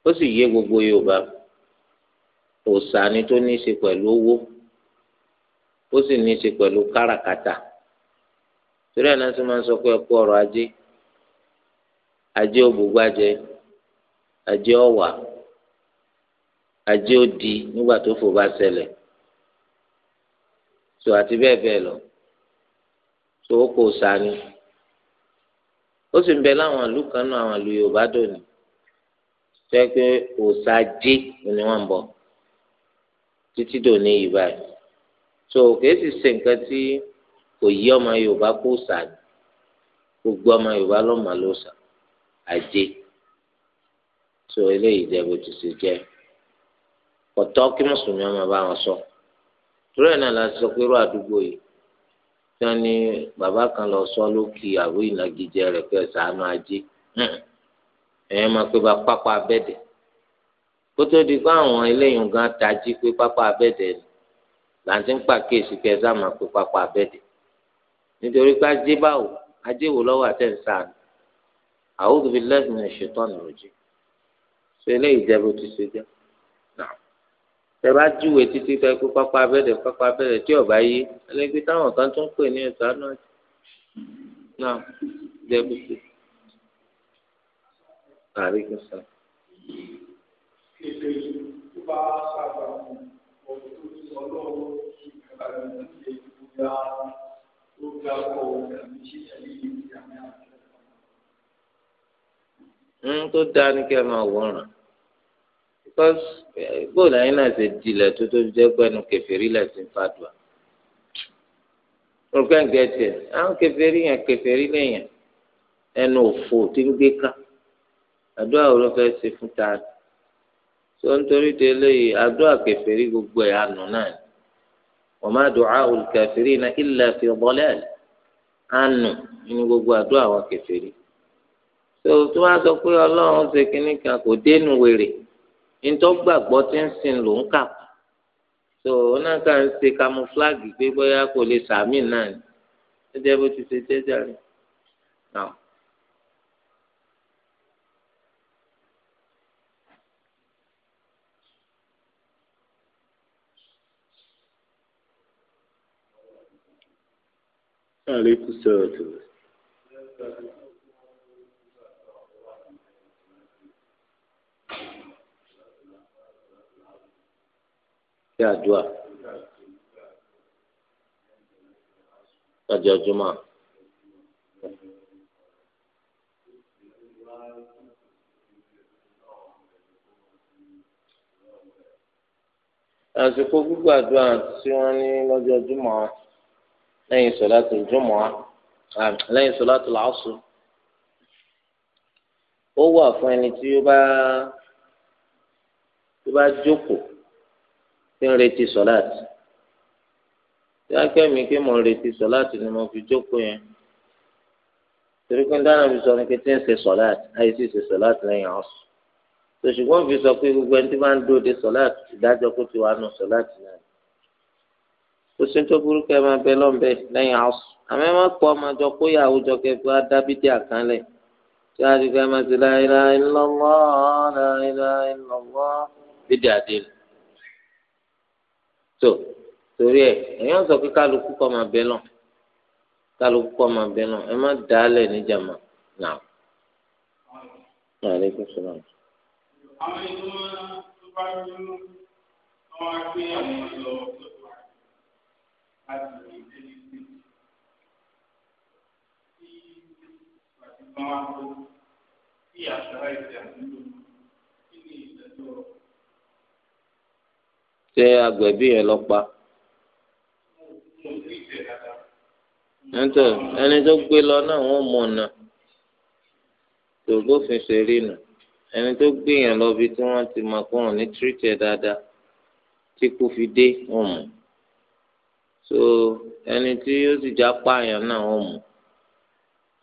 ó sì yé gbogbo Yorùbá òòṣà ni tó ní í ṣe pẹ̀lú owó. ó sì ní í ṣe pẹ̀lú káràkátà torí ẹ̀ náà sì máa ń sọ pé ẹ kú ọrọ̀ ajé ajé òbúgbàjẹ ajé ọ̀wà ajé òdi nígbà tó fò bá ṣẹlẹ̀ tó àti bẹ́ẹ̀ bẹ́ẹ̀ lọ tó o kò sani ó sì ń bẹ láwọn ìlú kan náà àwọn ìlú Yorùbá dòní tó pé òòṣà ajé ni wọ́n ń bọ títí dòní yìí báyìí so kìí sì ṣe nǹkan tí kò yí ọmọ yorùbá kó sà ní gbogbo ọmọ yorùbá lọ́mọ ló sà àjẹ so eléyìí jẹ bó ti ṣe jẹ ọ̀tọ̀ kí mùsùlùmí ọmọ bá wọn sọ torí ẹ̀ náà la sọ pé irú àdúgbò yìí tí wọ́n ní bàbá kan lọ sọ lókì àwọ ìnagijẹ rẹ̀ pé ṣàánú ajé ẹ̀yẹ́ máa hmm. pé bá pápá abẹ́dẹ̀ kótó di pé àwọn eléyìí gan tají pé pápá abẹ́dẹ̀ ni là ń ti ń pàkíyèsí pé ẹ̀sán máa pé pápá abẹ́ẹ̀dẹ̀ nítorí pé ajé báwo ajé wò lọ́wọ́ àtẹ̀sán a'udhu billahi minash shaitani rajim ṣe eléyìí jẹ́ bó ti ṣe jẹ́ náà tẹ bá júwe títí tẹ pé pápá abẹ́ẹ̀dẹ̀ pápá abẹ́ẹ̀dẹ̀ tí ọ̀bá yé ẹlẹ́gbẹ́ táwọn kan tún pè ní ẹ̀sán náà náà jẹ́ bó ti ṣe. Àríkùsà ń hmm, tó dáa ní kí ẹ máa wòran because eh, bóòlù ayé náà ṣe dilẹ̀ tó tó jẹ́ pẹ́nu kẹfẹ́rí lẹ̀ sí fàdùà olùkọ́ ẹ̀ ń gẹ̀ẹ́tì ẹ̀ àwọn kẹfẹ́rí yẹn kẹfẹ́rí lẹ́yìn ẹnu òfò tí ń gbé ká àdúrà wo ló fẹ́ ṣe fún taari tó ń torí de eléyìí àdúrà kèfèrí gbogbo ẹ̀ àánú náà ni wa ma du'a'ul kafirina illa fi dalal àánú nínú gbogbo àdúrà àwọn kèfèrí tó tó wá sọ pé ọlọ́run ṣe kínní kan kò dénú wèrè nítorí wọ́n gbàgbọ́ tí ń sin ló kà tó náà kà ń ṣe kamufláàgì pé bóyá kò lè sàmì náà ni ó bó ti ṣe jẹ́jà náà. Aleyküm selam. Ṣé àdúrà? Ọjọ́ Jumá. Àsìkò gbígbàdúrà tí wọ́n ní lọ́jọ́ lẹ́yìn sọ̀látù jùmọ̀ lẹ́yìn sọ̀látù làásù ó wà fún ẹni tí ó bá tó bá jókòó tí ń retí sọ̀látù tí wọ́n kẹ́ mi pé mo ń retí sọ̀látù ni mo fi jókòó yẹn torí pé dáná fi sọ ni pé tí ń ṣe sọ̀látù àìsí ṣe sọ̀látù lẹ́yìn àásù tòṣùgbọ́n fi sọ pé gbogbo ẹni tí bá ń dóde sọ̀látù ìdájọ́ kó ti wà nù sọ̀látù náà kò sí tó burúkú ẹ máa bẹ lọ́nbẹ lẹ́yìn àṣù àmọ́ ẹ má pọ̀ ọmọ àjọ kó yà àwùjọ kẹfì á dábìdì àkànlẹ̀ tí a ti fẹ́ máa ti la ilaha illallah la ilaha illallah bídì àdéhùn. tó torí ẹ ẹ̀yàn sọ pé kálukú kọ́ máa bẹ lọ kálukú kọ́ máa bẹ lọ ẹ má dàálẹ̀ níjàmá náà. Aleykum salaam. Àwọn ìlú wa ń àwọn ìlú ọ̀gbọ́n láti lè dé ní sí tí àti máa ń lo tí àṣàrà ìṣe àmúlò kí ni ìdájọ́ ṣé agbẹ̀bí yẹn lọ pa nítorí ẹni tó gbé lọ náà wọ́n mọ̀ náà tó ṣe rí nù ẹni tó gbé yẹn lọ bí tí wọ́n ti mọ̀ pé ní tírítì dáadáa tí kò fi dé wọ́n mọ̀ so ẹni tí ó sì já pààyàn náà wọ́n mú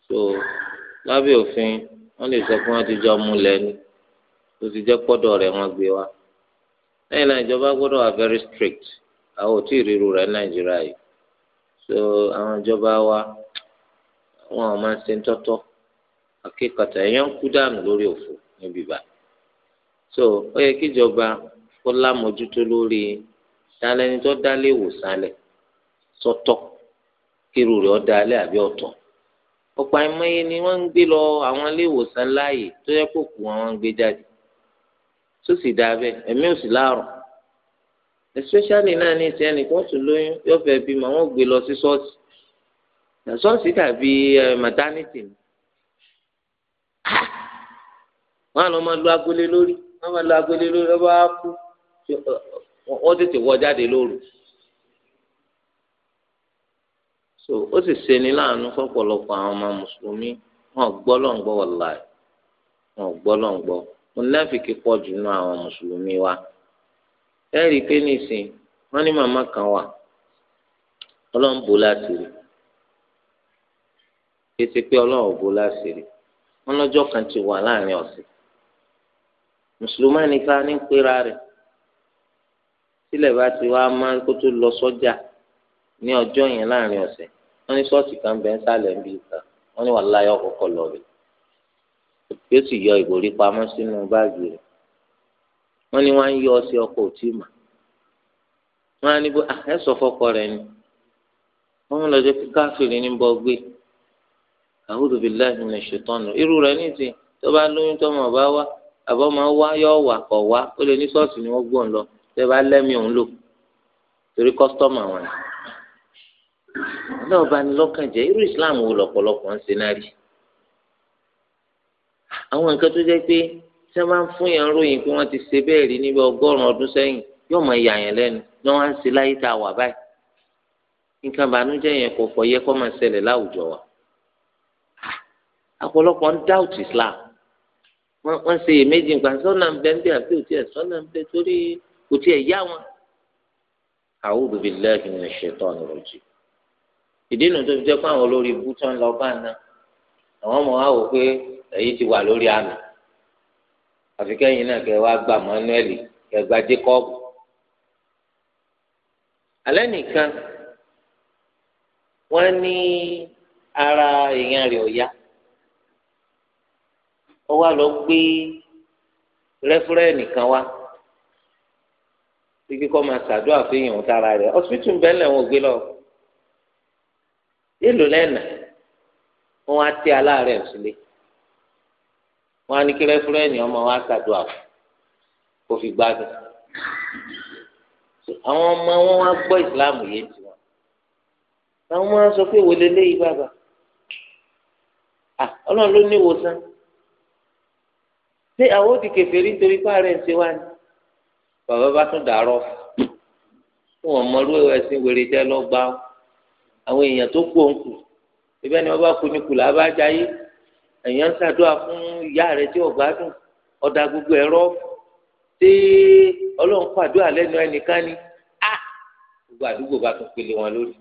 so lábẹ́ òfin wọ́n lè sọ pé wọ́n ti jọ mú lẹ́ni tó ti jẹ́ pọ́dọ̀ rẹ̀ wọ́n gbé wá lẹ́yìn náà ìjọba gbọ́dọ̀ wà very strict àwọn ò tí ì ríru rẹ̀ nàìjíríà yìí so àwọn ìjọba wa wọn ò máa ń ṣe tọ́tọ́ akékọ̀tà èèyàn ń kú dànù lórí òfò níbí báyìí so ó yẹ kí ìjọba kó lámòjútó lórí sálẹ́ni tó dá léwòsàn lẹ̀ sọtọ, kírú rẹ̀ ọ̀dà alẹ́ àbí ọ̀tọ̀ ọ̀pọ̀ àìmọye ni wọ́n ń gbé lọ àwọn ilé ìwòsàn láàyè tó yẹ kó kù wọn ń gbé jáde tó sì dáa bẹ́ẹ̀ ẹ̀mí ò sì láàrùn especially náà ní ìsẹ́ nìkan tún lóyún yóò fẹ́ mà àwọn gbé lọ sí ṣọ́ọ̀ṣì ṣọ́ọ̀ṣì tàbí maternity ni ah! wọ́n lọ máa lo agbolé lórí wọ́n máa lo agbolé lórí wọ́n bá kú wọ́n tètè wọ jáde lóru so ó sì ṣeni láàánú fọ́pọ̀lọpọ̀ àwọn ọmọ mùsùlùmí wọn gbọ́ lọ́n gbọ́ wàláì wọn gbọ́ lọ́n gbọ́ pọ̀ jù nínú wa ẹ̀rí pé nìsín wọn ní màmá kan wà ọlọ́run bò láṣìírí ètò pé ọlọ́run bò láṣìírí wọn lọ́jọ́ kan ti wà láàrin ọ̀sẹ̀ ní rẹ̀ sílẹ̀ bá ti wá máa kó tó wọ́n ní ṣọ́ọ̀ṣì kan bẹ́ẹ̀ ń sálẹ̀ ń bí kan wọ́n ní wàhálà yọ kọ́kọ́ lọ rẹ̀ yóò sì yọ ìgòrí pamọ́ sínú báàgì rẹ̀ wọ́n ní wọ́n á yọ ọsẹ ọkọ̀ òtí mà wọ́n á ní bó ah, ẹ sọ fọ́kọ rẹ̀ ni wọ́n lọ jẹ́ pé káfíìrì ní bọ́ gbé àwùjọ bíi láti ní ṣètọ́nù irú rẹ̀ ní ti tó bá lóyún tó mọ̀ bá wá àbọ̀ máa wá yọ wà kọ̀ wá ó lè ní ṣọ́ọ̀ṣì ni wọ́n gbọ́n lọ tẹ́ bá lẹ́mìí òun lò torí kọ́sítọ́mù àwọn yìí náà bá ní lọ́kàn jẹ́ irú islam wo lọ́pọ̀lọpọ̀ ń ṣe náà rí àwọn nǹkan tó jẹ́ pé tí wọ́n bá ń fún yẹn ròyìn pé wọ́n ti ṣe bẹ́ẹ̀ rí níbi ọgọ́rùn-ún ọdún sẹ́yìn yóò máa yà yẹn lẹ́nu ni wọ́n á ń ṣe láyé tá a wà báyìí nǹkan ìbànújẹ́ yẹn kò fọ yẹ kó máa ṣẹlẹ̀ láwùjọ wa ọ̀pọ̀lọpọ̀ ń doubt islam wọ́n ṣe èméjì gbà sọ́nà ń bẹ́ẹ̀ bí àbí òtí ẹ̀ sọ́nà ń bẹ́ẹ̀ torí òtí ẹ̀ yá wọn. a'udhu billahi minash shaitani rajim ìdí nu tó fi jẹ́ pé àwọn olórí ibú tó ń lọ bá ná àwọn ọmọ wa wò pé èyí ti wà lórí àmì àfi kẹ́yìn náà kẹ́ wá gba Manuel kẹ́ gba Jacob alẹ́ nìkan wọ́n ní ara èèyàn rẹ̀ ọ̀yá ó wá lọ gbé rẹ́fúrẹ́ẹ̀nì kan wá kíkọ́ máa ṣàdúrà fún èèyàn tára rẹ̀ ọ̀sìpìtì ń bẹ́ẹ̀ lẹ̀ gbé lọ èlò lẹ́nà wọn á tẹ aláàárẹ̀ sílé wọn á ní kí rẹ́fúrẹ́ǹì ọmọ wa ṣàdúrà kó fi gbádùn àwọn ọmọ wọn wá gbọ́ ìsìláàmù yé tiwọn àwọn ọmọ wọn sọ pé wọlé léyìí bàbá ọlọ́run ló ní ìwòsàn ṣé àwọn òdì kèfèrí nítorí pààrẹ̀ ṣe wá ní bàbá bá tún dàárọ̀ fún wọn wèrè jẹ́ lọ́gbàá àwọn èèyàn tó kú òun kù ibẹ̀ ni wọ́n bá kú ní kù là bá jayé èèyàn ń ṣàdúrà fún ìyá rẹ̀ tí ọ̀gá dùn ọ̀dà gbogbo ẹ̀rọ tí ọlọ́run pàdúrà lẹ́nu ẹnìkan ni á gbogbo àdúgbò bá tún pele wọn lórí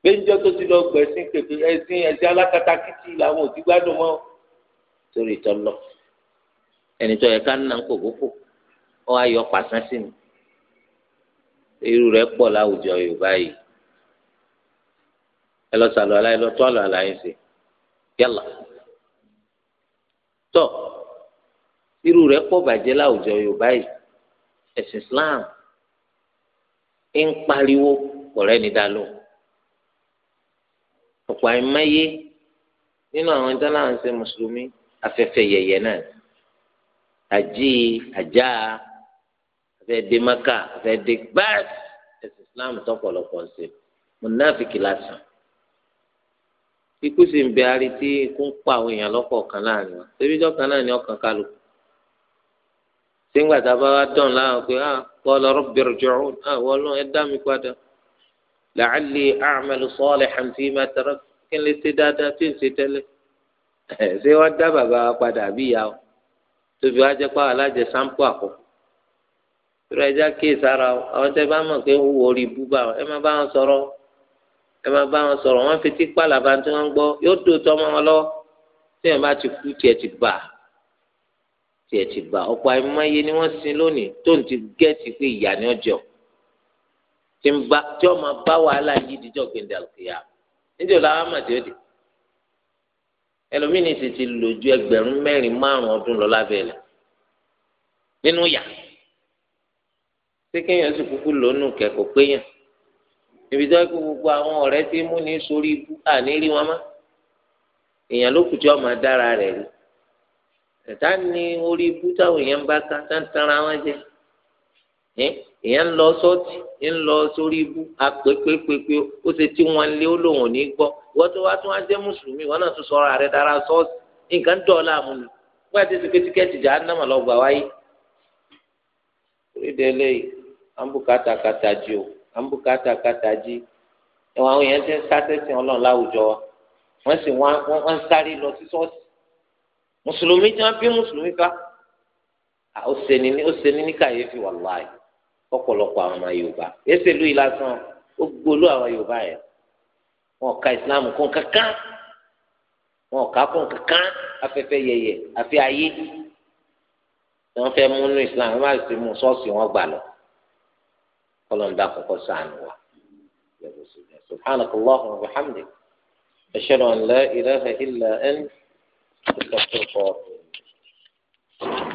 gbẹ́njọ́ tó ti lọ gbẹ̀sìn kèké ẹ̀sìn ẹ̀sìn alákatakítí làwọn ò ti gbádùn mọ́ torí tọ́lọ̀ ẹni tó yẹ ká ń nà ń kòkókò ọ ayọ̀ pàṣán sí mi irú rẹ̀ pọ̀ láwùjọ Yorùbá yìí ẹ lọ sàlọ àlàyé lọ tó àlọ àlàyé ṣe yálà tọ irú rẹ̀ pọ̀ bàjẹ́ láwùjọ yorùbá yìí ẹ̀sìn islam ń pariwo ọ̀rẹ́ ní dálò ọ̀pọ̀ àìmáyé nínú àwọn ìjọ náà ń ṣe mùsùlùmí afẹ́fẹ́ yẹ̀yẹ̀ náà àjí àjá afẹ́dé maka afẹ́dé gbáàsì ẹ̀sìn islam tọ́pọ̀lọpọ̀ ṣe mùnáfíkì lásán ikú sì ń bẹ arí tí ikú ń pa àwọn èèyàn lọ́kọ̀ọ̀kan láàrin wa ṣébí náà ni ọkàn sígbà tá a bá wá dán láwọn pé ah qala rabbi irji'un ah, wọ́n lọ́n ẹ dá mi a'malu kí n lè ṣe dáadáa tí n ṣe tẹ́lẹ̀ ṣé dá bàbá wa o tóbi wá jẹ́ ìrọ̀ ẹja àwọn tẹ́ bá mọ̀ pé wọ ẹ máa bá wọn sọ̀rọ̀ wọn fetí pàlàbà tí wọ́n ń gbọ́ yóò dò tọ́mọ wọn lọ tí ẹ̀ bá ti kú tiẹ̀ ti bà tiẹ̀ ti bà ọ̀pọ̀ àìmọye ni wọ́n sin lónìí tó ń ti gẹ́ẹ̀tì pé ìyá ni ọjọ́ tí ó máa bá wàhálà yìí díjọ́ gbẹ̀ndàlùkìyà níjọ́ làwọn àmà tí ó dé ẹlòmíní sì ti lò ju ẹgbẹ̀rún mẹ́rin márùn ọdún lọ lábẹ́lẹ̀ nínú yà ṣé kéèyàn sì kúkú lónù kẹ́kọ̀ọ́ péyàn ibi tó kó gbogbo àwọn ọ̀rẹ́ tí mú ní sórí ibú àní rí wọn mọ́ èèyàn ló kù tí ọmọ dára rẹ̀ rí ẹ̀ta ni orí ibú táwọn èèyàn bá ká tá ń tanra wọn jẹ èèyàn ń lọ sọ́ọ̀tì ń lọ sórí ibú apèpèpèpè ó ṣe tí wọ́n lé ó lòun ò ní gbọ́ wọ́n tó wá tún wá jẹ́ mùsùlùmí wọ́n náà tún sọ̀rọ̀ àrẹ dára sọ́ọ̀tì nǹkan dọ̀ọ́lá mu nù ti ti pétíkẹ́tì jà á nàmà wáyé orí ìdẹ́lẹ́yìn àǹbùkátà kàtà jù ú. Ambukata kàtàjì ẹ̀wọ̀n àwọn èèyàn ti ń sátẹ́sìn ọlọ́run láwùjọ wa wọ́n sì wọ́n ń sáré lọ sí ṣọ́ọ̀ṣì mùsùlùmí tí wọ́n bí mùsùlùmí fa ó ṣeni ní kàyéfì wàláì ọ̀pọ̀lọpọ̀ àwọn ọmọ yorùbá èsì ìlú ìlàsàn ó gbolú àwọn yorùbá yẹn wọn ka islam kún kankan wọn kà kún kankan afẹ́fẹ́ yẹyẹ àfi ayé wọn fẹ́ múnú islam wọn bá sì mú ṣọ́ọ̀ṣì wọn gbà lọ kọlọ́n dá kọ́kọ́ sànù wa subhanaka allahumma wa bihamdik ashhadu an la ilaha illa anta astaghfiruka wa